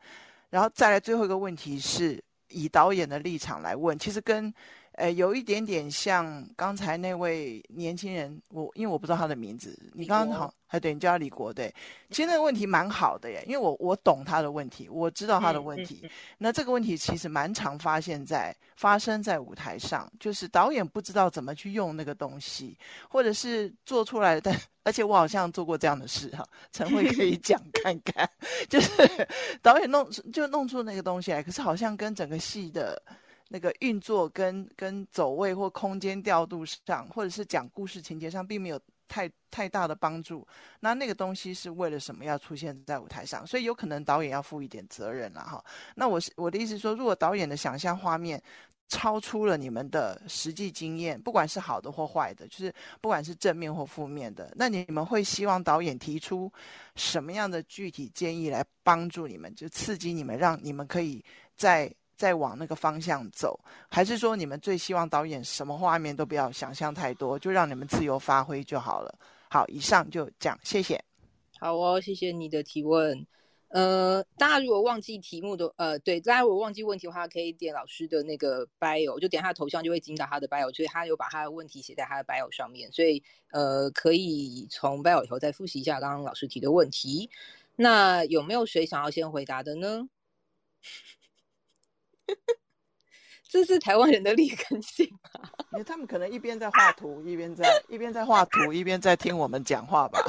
然後再來最後一個問題是，是以導演的立場來問，其實跟。哎，有一點點像剛才那位年輕人，我因為我不知道他的名字，國你剛剛好，還對，你叫他李國對。其實那個問題蠻好的耶，因為我我懂他的問題，我知道他的問題。嗯嗯嗯，那這個問題其實蠻常發現在發生在舞台上，就是導演不知道怎麼去用那個東西，或者是做出來的，但而且我好像做過這樣的事哈，啊，陳慧可以講看看， [laughs] 就是導演弄就弄出那個東西來，可是好像跟整個戲的。那個運作跟跟走位或空間調度上，或者是講故事情節上，並沒有太太大的幫助。那那個東西是為了什麼要出現在舞台上？所以有可能導演要負一點責任了哈。那我是我的意思說，如果導演的想象畫面超出了你們的實際經驗，不管是好的或壞的，就是不管是正面或負面的，那你們會希望導演提出什麼樣的具體建議來幫助你們，就刺激你們，讓你們可以在。再往那個方向走，還是說你們最希望導演什麼畫面都不要想象太多，就讓你們自由發揮就好了？好，以上就講，謝謝。好哦，謝謝你的提問。呃，大家如果忘記題目的，呃，對，大家如果忘記問題的話，可以點老師的那個 bio，就點他的頭像，就會進到他的 bio，所以他有把他的問題寫在他的 bio 上面，所以呃，可以從 bio 以後再複習一下剛剛老師提的問題。那有沒有誰想要先回答的呢？ [laughs] 這是台灣人的劣根性吧？他們可能一邊在畫圖，一邊在 [laughs] 一邊在畫圖，一邊在聽我們講話吧。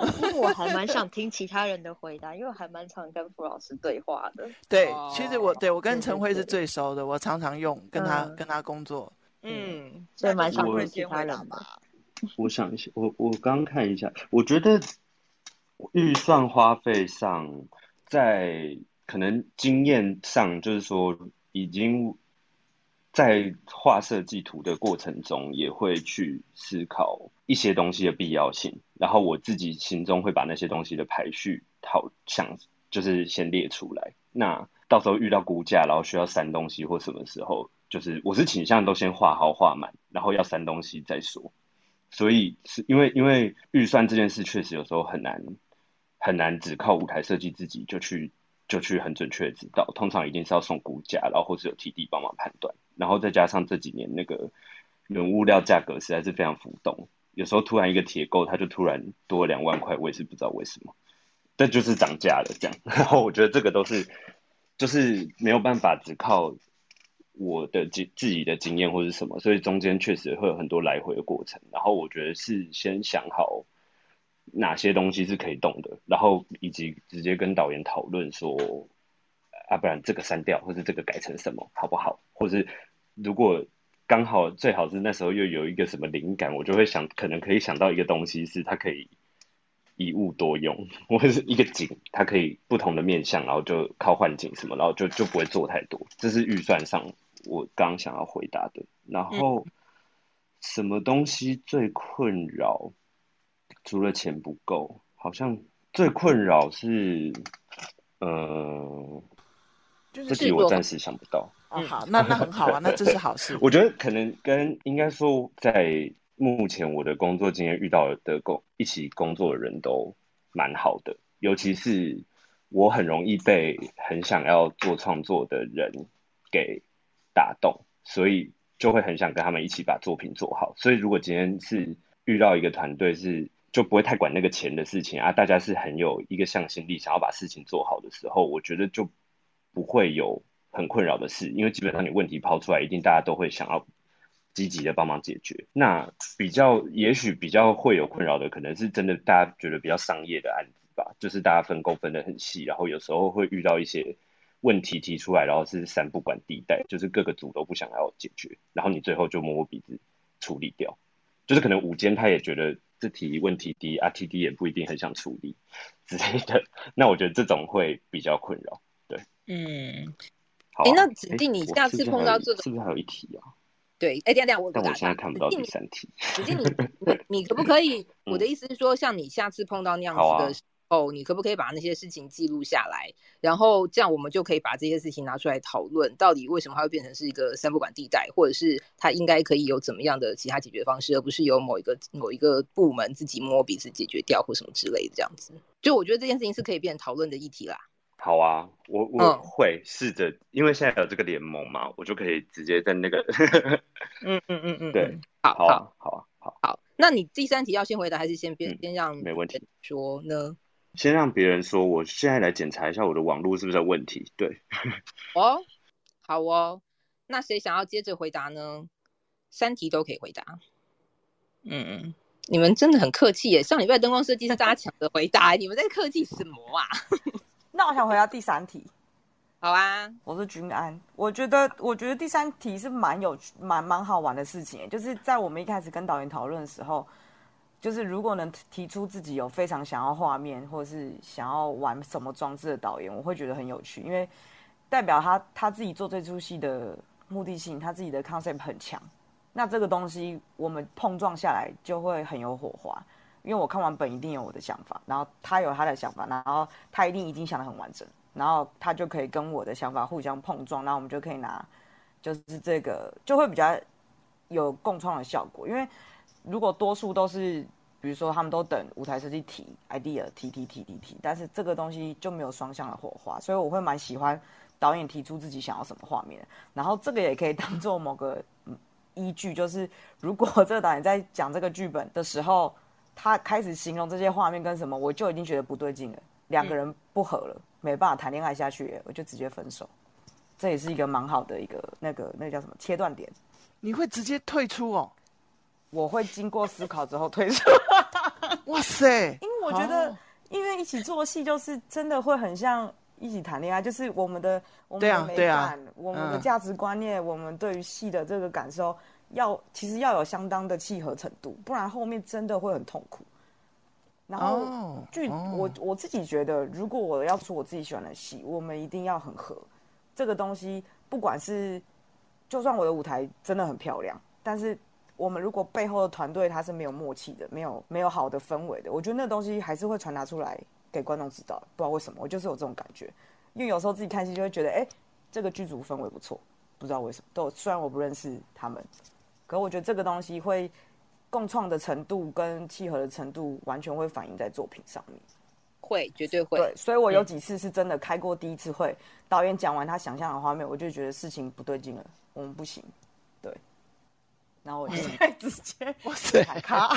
[laughs] 我還蠻想聽其他人的回答，因為還蠻常跟傅老師對話的。對，哦、其實我對我跟陳慧是最熟的，我常常用跟他跟他工作。嗯，嗯，所以蠻想聽其他人嘛。我想一下，我我剛看一下，我覺得預算花費上，在可能經驗上，就是說。已經在畫設計圖的過程中，也會去思考一些東西的必要性，然後我自己心中會把那些東西的排序，好像就是先列出來。那到時候遇到估價，然後需要刪東西或什麼時候，就是我是傾向都先畫好畫滿，然後要刪東西再說。所以是因為因為預算這件事，確實有時候很難很難，只靠舞台設計自己就去。就去很準確的知道，通常一定是要送估價，然後或是有 TD 幫忙判斷，然後再加上這幾年那個原物料價格實在是非常浮動，有時候突然一個鐵鈎，它就突然多兩萬塊，我也是不知道為什麼，但就是漲價了這樣。然後我覺得這個都是就是沒有辦法只靠我的經自己的經驗或者什麼，所以中間確實會有很多來回的過程。然後我覺得是先想好。哪些東西是可以動的，然後以及直接跟導演討論說，啊，不然這個刪掉，或是這個改成什麼，好不好？或是如果剛好最好是那時候又有一個什麼靈感，我就會想可能可以想到一個東西，是它可以一物多用，或者是一個景它可以不同的面向，然後就靠換景什麼，然後就就不會做太多。這是預算上我剛想要回答的。然後、嗯、什麼東西最困擾？除了錢不夠，好像最困擾是，嗯、呃、這題我暫時想不到。嗯哦、好，那那很好啊， [laughs] 對 那這是好事。我覺得可能跟應該說，在目前我的工作經驗遇到的工一起工作的人都蠻好的，尤其是我很容易被很想要做創作的人給打動，所以就會很想跟他們一起把作品做好。所以如果今天是遇到一個團隊是。就不會太管那個錢的事情啊！大家是很有一個向心力，想要把事情做好的時候，我覺得就不會有很困擾的事，因為基本上你問題拋出來，一定大家都會想要積極的幫忙解決，那比較，也許比較會有困擾的，可能是真的大家覺得比較商業的案子吧，就是大家分工分得很細，然後有時候會遇到一些問題提出來，然後是三不管地帶，就是各個組都不想要解決，然後你最後就摸摸鼻子處理掉，就是可能舞監他也覺得。這題問題低，TD 也不一定很想處理之類的，那我覺得這種會比較困擾，對，嗯，好、啊欸，那指定你下次碰到這種、個欸，是不是還有一題啊？對，哎、欸，等等，我但我現在看不到第三題，指定你， [laughs] 你可不可以？ [laughs] 我的意思是說，像你下次碰到那樣子的。哦，你可不可以把那些事情記錄下來，然後這樣我們就可以把這些事情拿出來討論，到底為什麼它會變成是一個三不管地帶，或者是它應該可以有怎麼樣的其他解決方式，而不是由某一個某一個部門自己摸鼻子解決掉或什麼之類的這樣子。就我覺得這件事情是可以變成討論的議題啦。好啊，我我會試着，因為現在有這個聯盟嘛，我就可以直接在那個，嗯嗯嗯嗯，嗯嗯嗯對，好好好好。那你第三題要先回答還是先、嗯、先讓人沒問題說呢？先讓別人說，我現在來檢查一下我的網絡是不是有問題？對，哦，好哦，那誰想要接着回答呢？三題都可以回答。嗯嗯，你們真的很客氣耶。上禮拜燈光設計師大家搶著回答， [laughs] 你們在客氣什麼啊？ [laughs] 那我想回答第三題。好啊，我是君安。我覺得，我覺得第三題是蠻有、蠻蠻好玩的事情，就是在我們一開始跟導演討論的時候。就是如果能提出自己有非常想要畫面，或是想要玩什麼裝置的導演，我會覺得很有趣，因為代表他他自己做這出戲的目的性，他自己的 concept 很強。那這個東西我們碰撞，下來就會很有火花，因為我看完本一定有我的想法，然後他有他的想法，然後他一定已經想得很完整，然後他就可以跟我的想法互相碰撞，然後我們就可以拿，就是這個就會比較有共創的效果，因為。如果多數都是，比如說他們都等舞台設計提 idea 提提提提提，但是這個東西就沒有雙向的火花，所以我會蠻喜歡導演提出自己想要什麼畫面，然後這個也可以當作某個依據，就是如果這個導演在講這個劇本的時候，他開始形容這些畫面跟什麼，我就已經覺得不對勁了，兩個人不合了，嗯、沒辦法談戀愛下去，我就直接分手。這也是一個蠻好的一個那個那個叫什麼切斷點，你會直接退出哦。我會經過思考之後退出。哇塞！因為我覺得，因為一起做戲就是真的會很像一起談戀愛，啊，就是我們的我們的美感、我們的價值觀念、我們對於戲的這個感受，要其實要有相當的契合程度，不然後面真的會很痛苦。然後劇，我我自己覺得，如果我要出我自己喜歡的戲，我們一定要很合。這個東西，不管是就算我的舞台真的很漂亮，但是。我們如果背後的團隊他是沒有默契的，沒有沒有好的氛圍的，我覺得那個東西還是會傳達出來給觀眾知道。不知道為什麼，我就是有這種感覺。因為有時候自己看戲就會覺得，哎、欸，這個劇組氛圍不錯，不知道為什麼。都雖然我不認識他們，可我覺得這個東西會共創的程度跟契合的程度，完全會反映在作品上面。會，絕對會。對，所以我有幾次是真的開過第一次會，嗯、導演講完他想象的畫面，我就覺得事情不對勁了，我們不行。然後我現在直接。 [laughs] 我是害怕。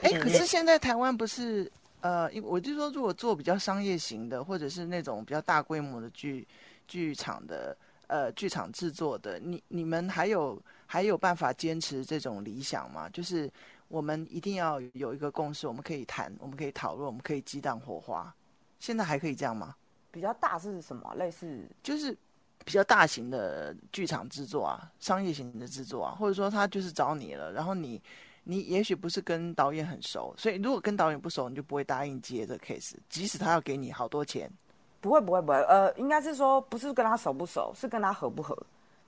哎，可是現在台灣不是呃，因我就說，如果做比較商業型的，或者是那種比較大規模的劇劇場的呃，劇場製作的，你你們還有還有辦法堅持這種理想嗎？就是我們一定要有一個共識，我們可以談，我們可以討論，我們可以激盪火花。現在還可以這樣嗎？比較大是什麼？類似就是。比較大型的劇場制作啊，商業型的制作啊，或者說他就是找你了，然後你，你也許不是跟導演很熟，所以如果跟導演不熟，你就不會答應接這個 case，即使他要給你好多錢，不會不會不會，呃，應該是說不是跟他熟不熟，是跟他合不合，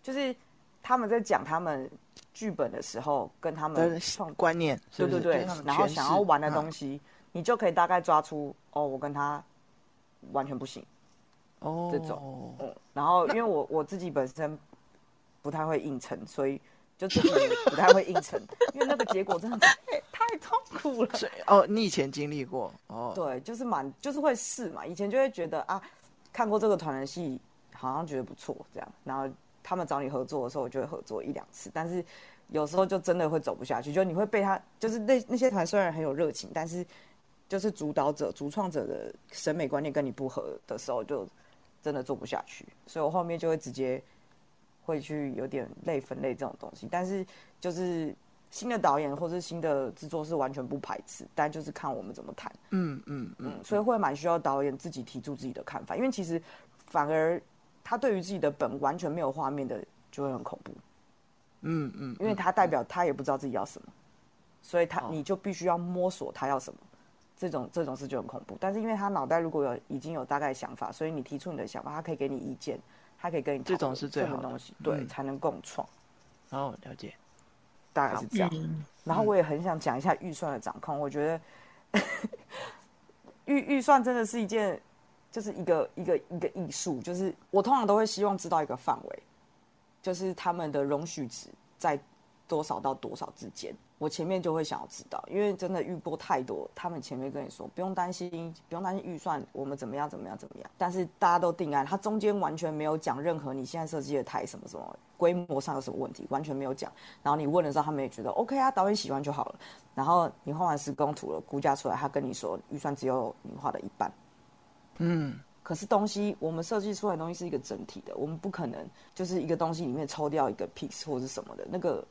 就是他們在講他們劇本的時候，跟他們的觀念，是不是對對對，然後想要玩的東西，啊，你就可以大概抓出，哦，我跟他完全不行。哦，這種，oh, 嗯，然後因為我那我自己本身不太會硬撐，所以就自己也不太會硬撐， [laughs] 因為那個結果真的太痛苦了。哦，oh, 你以前經歷過哦？Oh. 對，就是蠻就是會試嘛。以前就會覺得啊，看過這個團的戲，好像覺得不錯，這樣。然後他們找你合作的時候，我就會合作一兩次。但是有時候就真的會走不下去，就你會被他就是那那些團雖然很有熱情，但是就是主導者、主創者的審美觀念跟你不合的時候就。真的做不下去，所以我後面就會直接會去有點類分類這種東西。但是就是新的導演或是新的制作是完全不排斥，但就是看我們怎麼談、嗯。嗯嗯嗯，所以會蠻需要導演自己提出自己的看法，因為其實反而他對於自己的本完全沒有畫面的就會很恐怖。嗯嗯，嗯嗯，因為他代表他也不知道自己要什麼，所以他，嗯、你就必須要摸索他要什麼。這種這種事就很恐怖，但是因為他腦袋如果有已經有大概想法，所以你提出你的想法，他可以給你意見，他可以跟你講，這種是最好的這種東西，對，才能共創。然後了解，大概是這樣。嗯、然後我也很想講一下預算的掌控，嗯、我覺得預預 [laughs] 算真的是一件就是一個一個一個藝術，就是我通常都會希望知道一個範圍，就是他們的容許值在。多少到多少之間，我前面就會想要知道，因為真的遇過太多。他們前面跟你說不用擔心，不用擔心預算，我們怎麼樣怎麼樣怎麼樣。但是大家都定案，他中間完全沒有講任何你現在設計的太什麼什麼，規模上有什麼問題，完全沒有講。然後你問的時候，他們也覺得、嗯、OK 啊，導演喜歡就好了。然後你畫完施工圖了，估價出來，他跟你說預算只有你畫的一半。嗯，可是東西我們設計出來的東西是一個整體的，我們不可能就是一個東西裡面抽掉一個 piece 或是什麼的那個。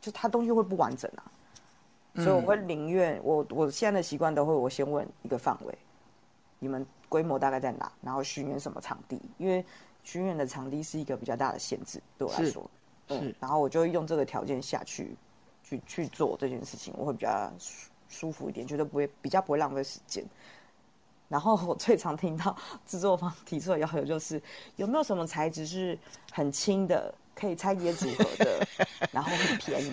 就它東西會不完整啊，所以我會寧願、嗯、我我現在的習慣都會我先問一個範圍，你們規模大概在哪？然後巡演什麼場地？因為巡演的場地是一個比較大的限制對我來說，是嗯，是然後我就用這個條件下去去去做這件事情，我會比較舒服一點，覺得不會比較不會浪費時間。然後我最常聽到制作方提出的要求就是有沒有什麼材質是很輕的？可以拆解組合的，然後很便宜，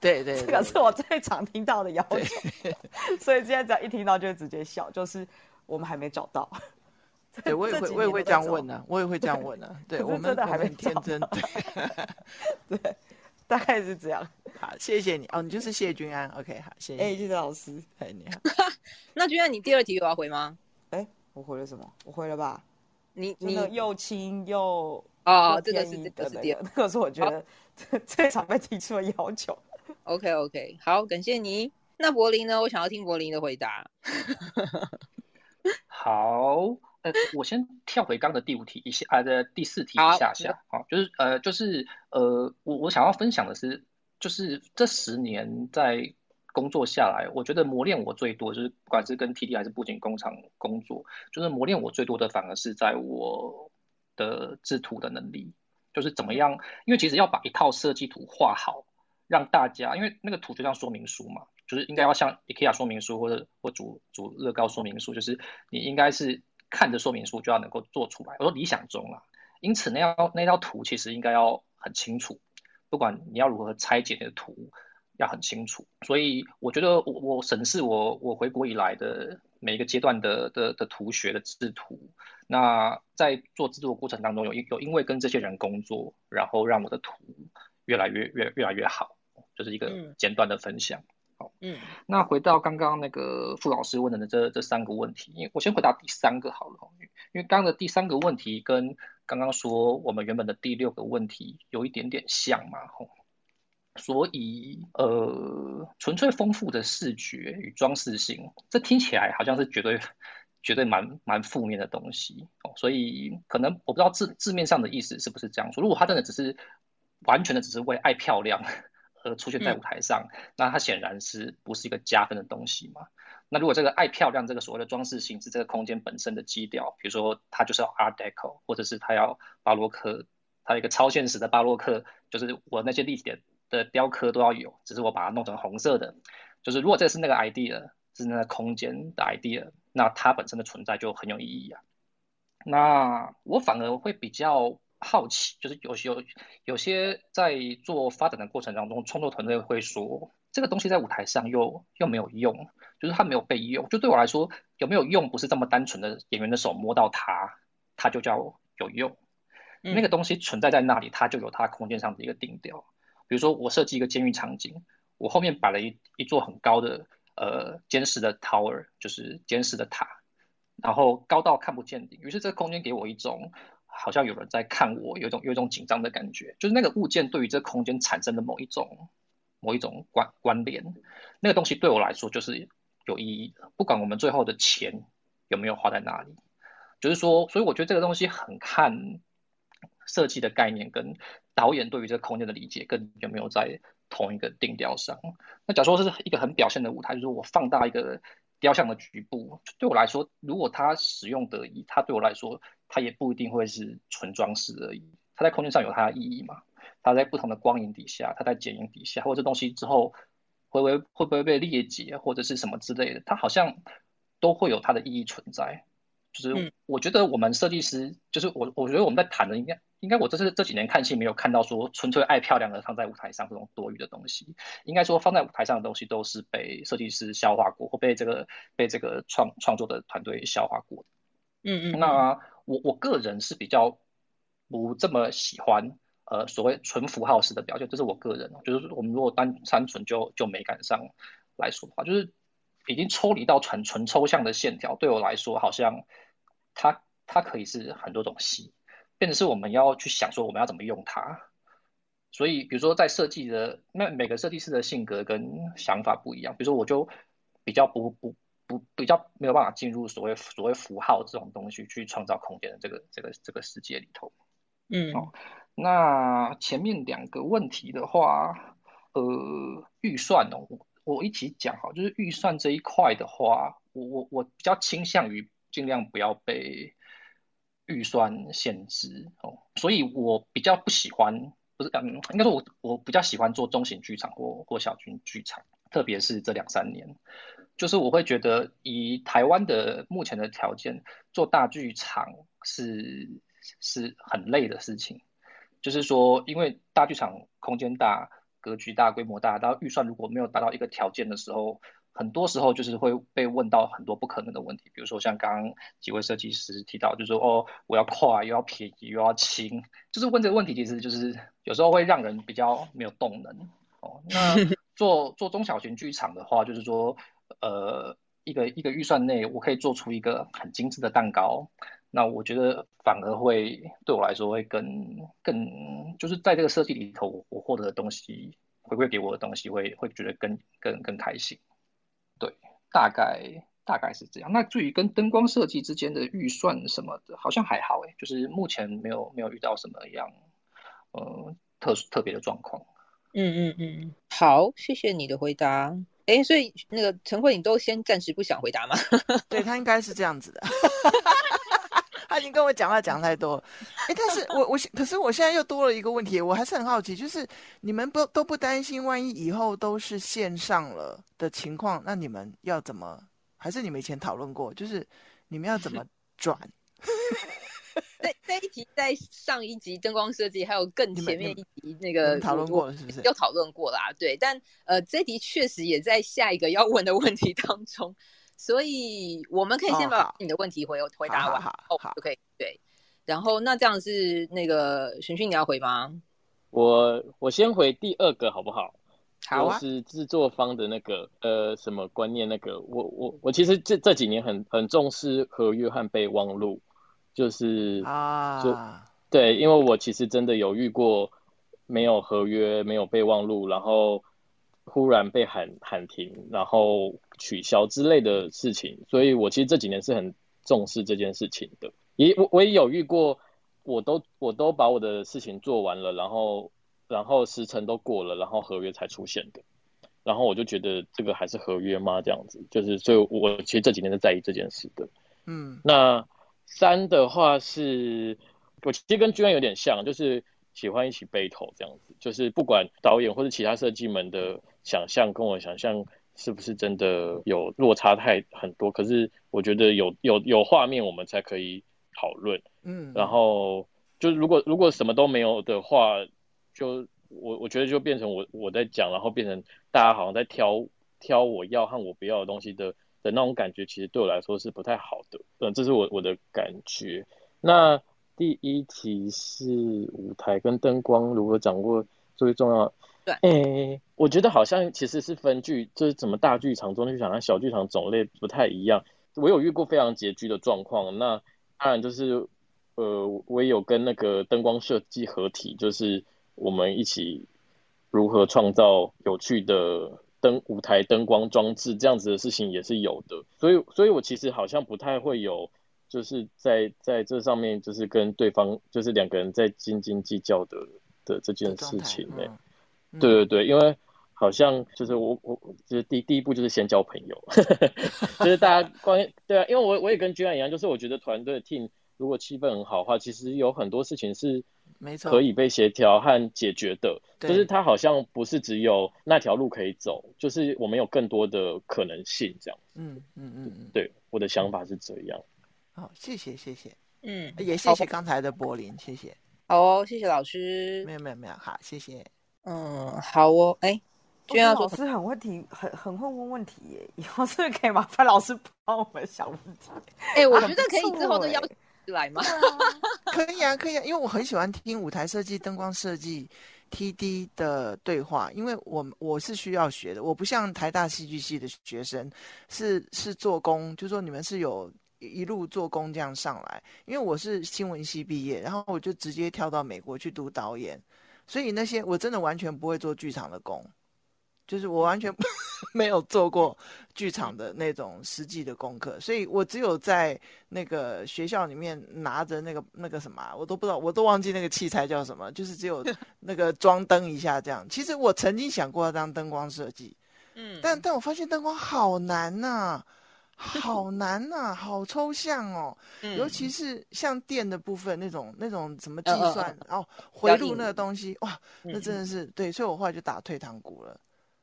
對對，這個是我最常聽到的要求，所以今天只要一聽到就會直接笑，就是我們還沒找到。對，我也會，我也會這樣問呢，我也會這樣問呢。對我們真的還很天真，對，大概是這樣。好，謝謝你哦，你就是謝君安。OK，好，謝謝。哎，謝謝老師，你好，那君安，你第二題有要回嗎？哎，我回了什麼？我回了吧？你你又親又。哦，這個是這個是第二個，是我覺得最常好被提出的要求。OK OK，好，感謝你。那柏霖呢？我想要聽柏霖的回答。好、呃，我先跳回剛剛的第五題一下、呃、第四題一下下。好、啊，就是呃，就是呃，我我想要分享的是，就是這十年在工作下來，我覺得磨練我最多，就是不管是跟 TD 還是布景工廠工作，就是磨練我最多的反而是在我。的制圖的能力，就是怎麼樣？因為其實要把一套設計圖畫好，讓大家，因為那個圖就像說明書嘛，就是應該要像 IKEA 說明書或者或組組樂高說明書，就是你應該是看着說明書就要能夠做出來。我說理想中啦、啊，因此那套那套圖其實應該要很清楚，不管你要如何拆解的圖，要很清楚。所以我覺得我我審視我我回國以來的。每一個階段的的的，的圖學的製圖，那在做製作的過程當中有，有有因為跟這些人工作，然後讓我的圖越來越越越來越好，就是一個簡短的分享。好，嗯，嗯，那回到剛剛那個傅老師問的這這三個問題，因為我先回答第三個好了，因為剛剛的第三個問題跟剛剛說我們原本的第六個問題有一點點像嘛，吼。所以，呃，純粹豐富的視覺與裝飾性，這聽起來好像是絕對、絕對蠻蠻負面的東西哦。所以，可能我不知道字字面上的意思是不是這樣說。如果他真的只是完全的只是為愛漂亮而出現在舞台上，嗯、那他顯然是不是一個加分的東西嘛。那如果這個愛漂亮這個所謂的裝飾性是這個空間本身的基調，比如說他就是要 Art Deco，或者是他要巴洛克，他一個超現實的巴洛克，就是我的那些立體的。的雕刻都要有，只是我把它弄成紅色的。就是如果這是那個 idea，是那個空間的 idea，那它本身的存在就很有意義啊。那我反而會比較好奇，就是有有有些在做發展的過程當中，創作團隊會說這個東西在舞台上又又沒有用，就是它沒有被用。就對我來說，有沒有用不是這麼單純的，演員的手摸到它，它就叫有用。嗯。那個東西存在在那裡，它就有它空間上的一個定調。比如說，我設計一個監獄場景，我後面擺了一一座很高的呃監視的 tower，就是監視的塔，然後高到看不見頂，於是這個空間給我一種好像有人在看我，有一種有一種緊張的感覺，就是那個物件對於這個空間產生的某一種某一種關關聯，那個東西對我來說就是有意義的，不管我們最後的錢有沒有花在哪裡，就是說，所以我覺得這個東西很看設計的概念跟。導演對於這個空間的理解，跟有沒有在同一個定調上？那假如說是一個很表現的舞台，就是我放大一個雕像的局部，對我來說，如果他使用得宜，他對我來說，他也不一定會是純裝飾而已。他在空間上有它的意義嘛？他在不同的光影底下，他在剪影底下，或者這東西之後會不會，會會會不會被裂解，或者是什麼之類的，它好像都會有它的意義存在。就是我覺得我們設計師，嗯、就是我，我覺得我們在談的應該。應該我這是這幾年看戲沒有看到說純粹愛漂亮的放在舞台上這種多餘的東西，應該說放在舞台上的東西都是被設計師消化過或被這個被這個創創作的團隊消化過，嗯嗯、嗯那、啊。那我我個人是比較不這麼喜歡呃所謂純符號式的表現，這是我個人、啊，就是我們如果單單純就就美感上來說的話，就是已經抽離到純純抽象的線條，對我來說好像它它可以是很多種戲，變成是我們要去想說我們要怎麼用它，所以比如說在設計的那每個設計師的性格跟想法不一樣，比如說我就比較不不不比較沒有辦法進入所謂所謂符號這種東西去創造空間的這個這個這個世界裡頭，嗯、哦，那前面兩個問題的話，呃，預算哦，我一起講好，就是預算這一塊的話，我我我比較傾向於儘量不要被。預算限制哦，所以我比較不喜歡，不是講、嗯，應該說我我比較喜歡做中型劇場或或小型劇場，特別是這兩三年，就是我會覺得以台灣的目前的條件，做大劇場是是很累的事情，就是說因為大劇場空間大，格局大，規模大，到預算如果沒有達到一個條件的時候。很多時候就是會被問到很多不可能的問題，比如說像剛剛幾位設計師提到，就是說哦，我要快，又要便宜，又要輕，就是問這個問題，其實就是有時候會讓人比較沒有動能。哦，那做做中小型劇場的話，就是說，呃，一個一個預算內，我可以做出一個很精致的蛋糕。那我覺得反而會對我來說會更更，就是在這個設計裡頭，我獲得的東西，回饋給我的東西會，會會覺得更更更開心。大概大概是這樣。那至於跟燈光設計之間的預算什麼的，好像還好誒、欸，就是目前沒有沒有遇到什麼樣呃特特別的狀況。嗯嗯嗯，好，謝謝你的回答。誒、欸，所以那個陳慧你都先暫時不想回答嗎？ [laughs] 對，他應該是這樣子的。 [laughs] 他已經跟我講話講太多了，哎，但是我我可是我現在又多了一個問題，我還是很好奇，就是你們不都不擔心，萬一以後都是線上了的情況，那你們要怎麼？還是你們以前討論過，就是你們要怎麼轉？ [laughs] [laughs] 這一題在上一集燈光設計，還有更前面一集們那個討論過了，是不是？又討論過了啊？對，但呃，這一題確實也在下一個要問的問題當中。 [laughs] 所以我們可以先把你的問題回、oh, 回答完，OK？對，然後那這樣是那個烜勛，你要回嗎？我我先回第二個好不好？好啊。是製作方的那個呃什麼觀念那個，我我我其實這這幾年很很重視合約和備忘錄，就是啊，就、ah. 對，因為我其實真的有遇過沒有合約沒有備忘錄，然後。忽然被喊喊停，然後取消之類的事情，所以我其實這幾年是很重視這件事情的。也我我也有遇過，我都我都把我的事情做完了，然後然後時辰都過了，然後合約才出現的，然後我就覺得這個還是合約嗎？這樣子就是，所以我其實這幾年是在意這件事的。嗯，那三的話是我其實跟均安有點像，就是。喜歡一起背頭這樣子，就是不管導演或者其他設計們的想象跟我想象是不是真的有落差太很多，可是我覺得有有有畫面我們才可以討論，嗯，然後就如果如果什麼都沒有的話，就我我覺得就變成我我在講，然後變成大家好像在挑挑我要和我不要的東西的的那種感覺，其實對我來說是不太好的，嗯，這是我我的感覺，那。第一題是舞台跟燈光如何掌握最重要的。對，哎、欸，我覺得好像其實是分劇，就是怎麼大劇場、中劇場、和小劇場種類不太一樣。我有遇過非常拮據的狀況，那當然就是呃，我也有跟那個燈光設計合體，就是我們一起如何創造有趣的燈，舞台燈光裝置，這樣子的事情也是有的。所以，所以我其實好像不太會有。就是在在這上面，就是跟對方，就是兩個人在斤斤計較的的這件事情嘞、欸。嗯、對對對，嗯、因為好像就是我我就是第第一步就是先交朋友， [laughs] [laughs] 就是大家關 [laughs] 對啊，因為我我也跟娟一樣，就是我覺得團隊的 team 如果氣氛很好的話，其實有很多事情是沒錯可以被協調和解決的。錯就是它好像不是只有那條路可以走，對就是我們有更多的可能性這樣嗯。嗯嗯嗯，對，我的想法是這樣。嗯好、哦，謝謝謝謝，嗯，也謝謝剛才的柏霖，好謝謝。好,謝謝好哦，謝謝老師。沒有沒有沒有，好，謝謝。嗯，好哦，哎，均安老師很會提，很很會問問題耶。以後是,是可以麻煩老師幫我們想問題？哎、欸，啊、我覺得可以，之後的邀來嗎？欸、 [laughs] 可以啊，可以啊，因為我很喜歡聽舞台設計、燈光設計、TD 的對話，因為我我是需要學的，我不像台大戲劇系的學生，是是做工，就是、說你們是有。一路做工這樣上來，因為我是新聞系畢業，然後我就直接跳到美國去讀導演，所以那些我真的完全不會做劇場的工，就是我完全沒有做過劇場的那種實際的功課，所以我只有在那個學校裡面拿着那個那個什麼啊，我都不知道，我都忘記那個器材叫什麼，就是只有那個裝燈一下這樣。其實我曾經想過要當燈光設計，嗯，但但我發現燈光好難吶啊。 [laughs] 好難吶、啊，好抽象哦，嗯、尤其是像電的部分那種那種什麼計算哦、啊啊啊、回路那個東西哇，那真的是、嗯、對，所以我後來就打退堂鼓了。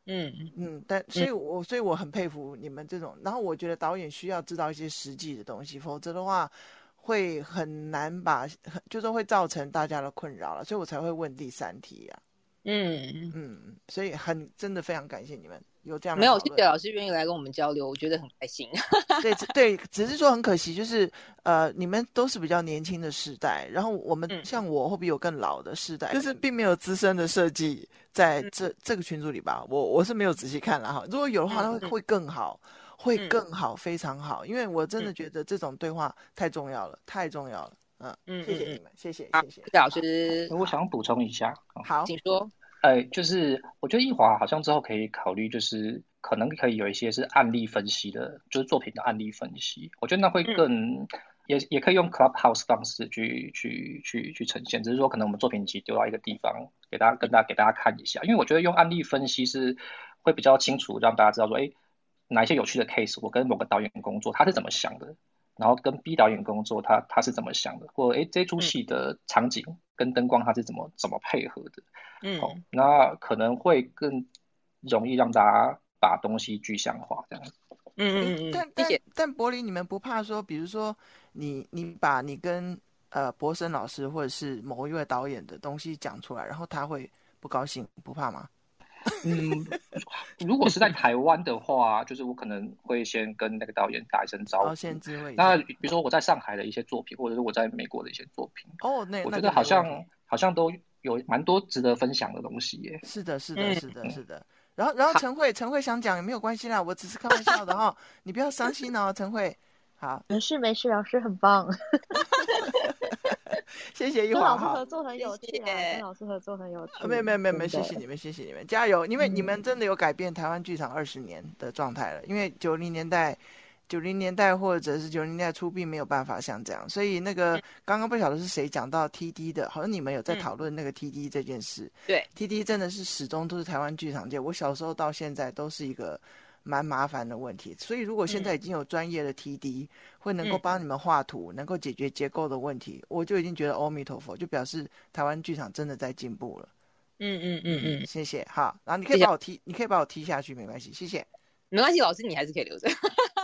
嗯嗯，但所以我，我所以我很佩服你們這種。然後我覺得導演需要知道一些實際的東西，否則的話會很難把很，就是會造成大家的困擾了。所以我才會問第三題呀、啊。嗯嗯，所以很真的非常感謝你們有這樣沒有，謝謝老師願意來跟我們交流，我覺得很開心。 [laughs] 對對，只是說很可惜，就是呃，你們都是比較年輕的時代世代，然後我們、嗯、像我會比我更老的時代世代，嗯、就是並沒有資深的設計在這、嗯、這個群組裡吧？我我是沒有仔細看了哈，如果有的話，那會更、嗯、會更好，會更好，非常好，因為我真的覺得這種對話太重要了，太重要了。嗯、哦、嗯，謝謝你們，嗯、謝謝、啊、謝謝老師。我想補充一下，好，呃、請說。哎、呃，就是我覺得一華好像之後可以考慮，就是可能可以有一些是案例分析的，就是作品的案例分析。我覺得那會更、嗯、也也可以用 Clubhouse 方式去去去去呈現。只是說可能我們作品集丟到一個地方，給大家跟大家給大家看一下。因為我覺得用案例分析是會比較清楚，讓大家知道說，哎，哪一些有趣的 case，我跟某個導演工作，他是怎麼想的。嗯然後跟 B 導演工作，他他是怎麼想的，或哎這出戲的場景跟燈光他、嗯、是怎麼怎麼配合的，嗯、哦，那可能會更容易讓大家把東西具象化這樣。嗯嗯嗯。嗯嗯謝謝，但但但柏霖，你們不怕說，比如說你你把你跟呃博森老師或者是某一位導演的東西講出來，然後他會不高興，不怕嗎？ [laughs] 嗯，如果是在台灣的話，就是我可能會先跟那個導演打一聲招呼。哦、那比如說我在上海的一些作品，或者是我在美國的一些作品。哦，那我覺得好像好像都有蠻多值得分享的東西耶。是的，是的，是的，嗯、是的。然後，然後陳慧，陳慧想講也沒有關係啦，我只是開玩笑的哈、哦， [laughs] 你不要傷心哦，陳慧。好，沒事沒事，老師很棒。 [laughs] [laughs] [laughs] 謝謝一華，好。跟，、啊、謝跟老師合作很有趣，跟老師合作很有趣。沒有沒有沒有，吧謝謝你們，謝謝你們，加油！嗯、因為你們真的有改變台灣劇場二十年的狀態了。因為九零年代，九零年代或者是九零年代初並沒有辦法像這樣，所以那個剛剛不曉得是誰講到 TD 的，好像你們有在討論那個 TD 這件事。嗯、對，TD 真的是始終都是台灣劇場界，我小時候到現在都是一個。蠻麻煩的問題，所以如果現在已經有專業的 TD、嗯、會能夠幫你們畫圖，嗯、能夠解決結構的問題，我就已經覺得阿彌陀佛，就表示台灣劇場真的在進步了。嗯嗯嗯嗯，嗯，謝謝。好，然後你可以把我踢，你可以把我踢下去，沒關係。謝謝，沒關係，老師你還是可以留着。 [laughs]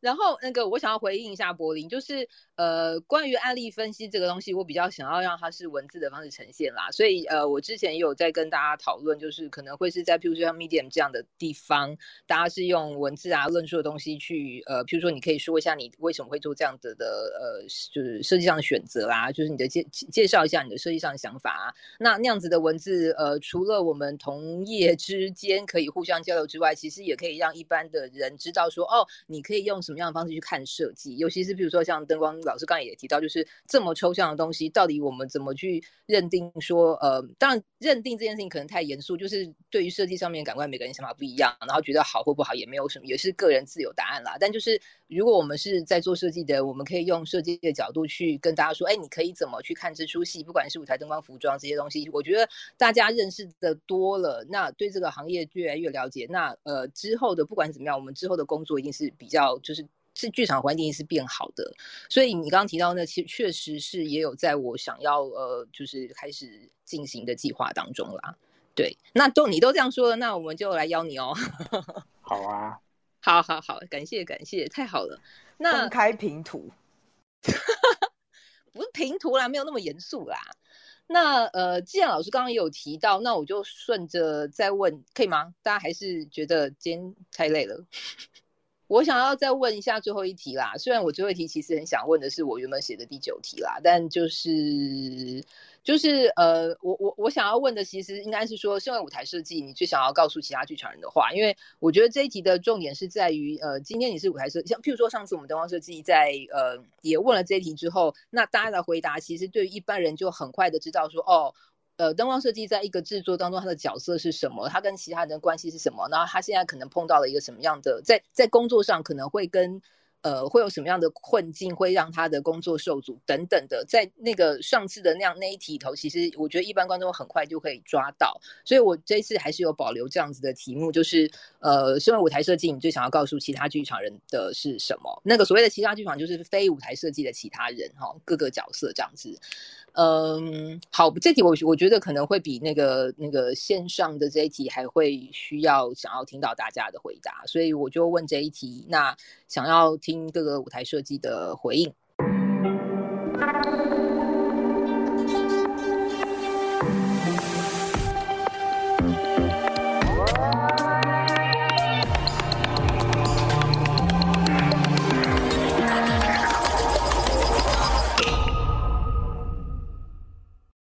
然後那個，我想要回應一下柏霖，就是呃，關於案例分析這個東西，我比較想要讓它是文字的方式呈現啦。所以呃，我之前也有在跟大家討論，就是可能會是在譬如說像 Medium 這樣的地方，大家是用文字啊論述的東西去呃，譬如說你可以說一下你為什麼會做這樣子的，的呃，就是設計上的選擇啦，就是你的介介紹一下你的設計上的想法啊。那那樣子的文字呃，除了我們同業之間可以互相交流之外，其實也可以讓一般的人知道說，哦，你可以用。什麼樣的方式去看設計？尤其是比如說像燈光，老師剛才也提到，就是這麼抽象的東西，到底我們怎麼去認定說？說呃，當然認定這件事情可能太嚴肅。就是對於設計上面感官，每個人想法不一樣，然後覺得好或不好也沒有什麼，也是個人自有答案啦。但就是如果我們是在做設計的，我們可以用設計的角度去跟大家說，哎，你可以怎麼去看這出戲？不管是舞台燈光、服裝這些東西，我覺得大家認識的多了，那對這個行業越來越了解，那呃之後的不管怎麼樣，我們之後的工作一定是比較就是。是劇場環境是變好的，所以你剛剛提到的那，其實確實是也有在我想要呃，就是開始進行的計劃當中啦。對，那都你都這樣說了，那我們就來邀你哦。 [laughs] 好啊，好，好，好，感謝，感謝，太好了。那開評圖， [laughs] 不是評圖啦，沒有那麼嚴肅啦。那呃，既然老師剛剛也有提到，那我就順着再問，可以嗎？大家還是覺得今天太累了。 [laughs] 我想要再問一下最後一題啦，雖然我最後一題其實很想問的是我原本寫的第九題啦，但就是就是呃，我我我想要問的其實應該是說，身為舞台設計，你最想要告訴其他劇場人的話，因為我覺得這一題的重點是在於呃，今天你是舞台設，像譬如說上次我們燈光設計在呃也問了這一題之後，那大家的回答其實對於一般人就很快的知道說哦。呃，燈光設計在一個製作當中，它的角色是什麼？它跟其他人的關係是什麼？然後他現在可能碰到了一個什麼樣的，在在工作上可能會跟。呃，會有什麼樣的困境會讓他的工作受阻等等的，在那個上次的那樣那一題裡頭，其實我覺得一般觀眾很快就可以抓到，所以我這一次還是有保留這樣子的題目，就是呃，身為舞台設計，你最想要告訴其他劇場人的是什麼？那個所謂的其他劇場就是非舞台設計的其他人哈、哦，各個角色這樣子。嗯，好，這題我我覺得可能會比那個那個線上的這一題還會需要想要聽到大家的回答，所以我就問這一題。那想要。聽各個舞台設計的回應。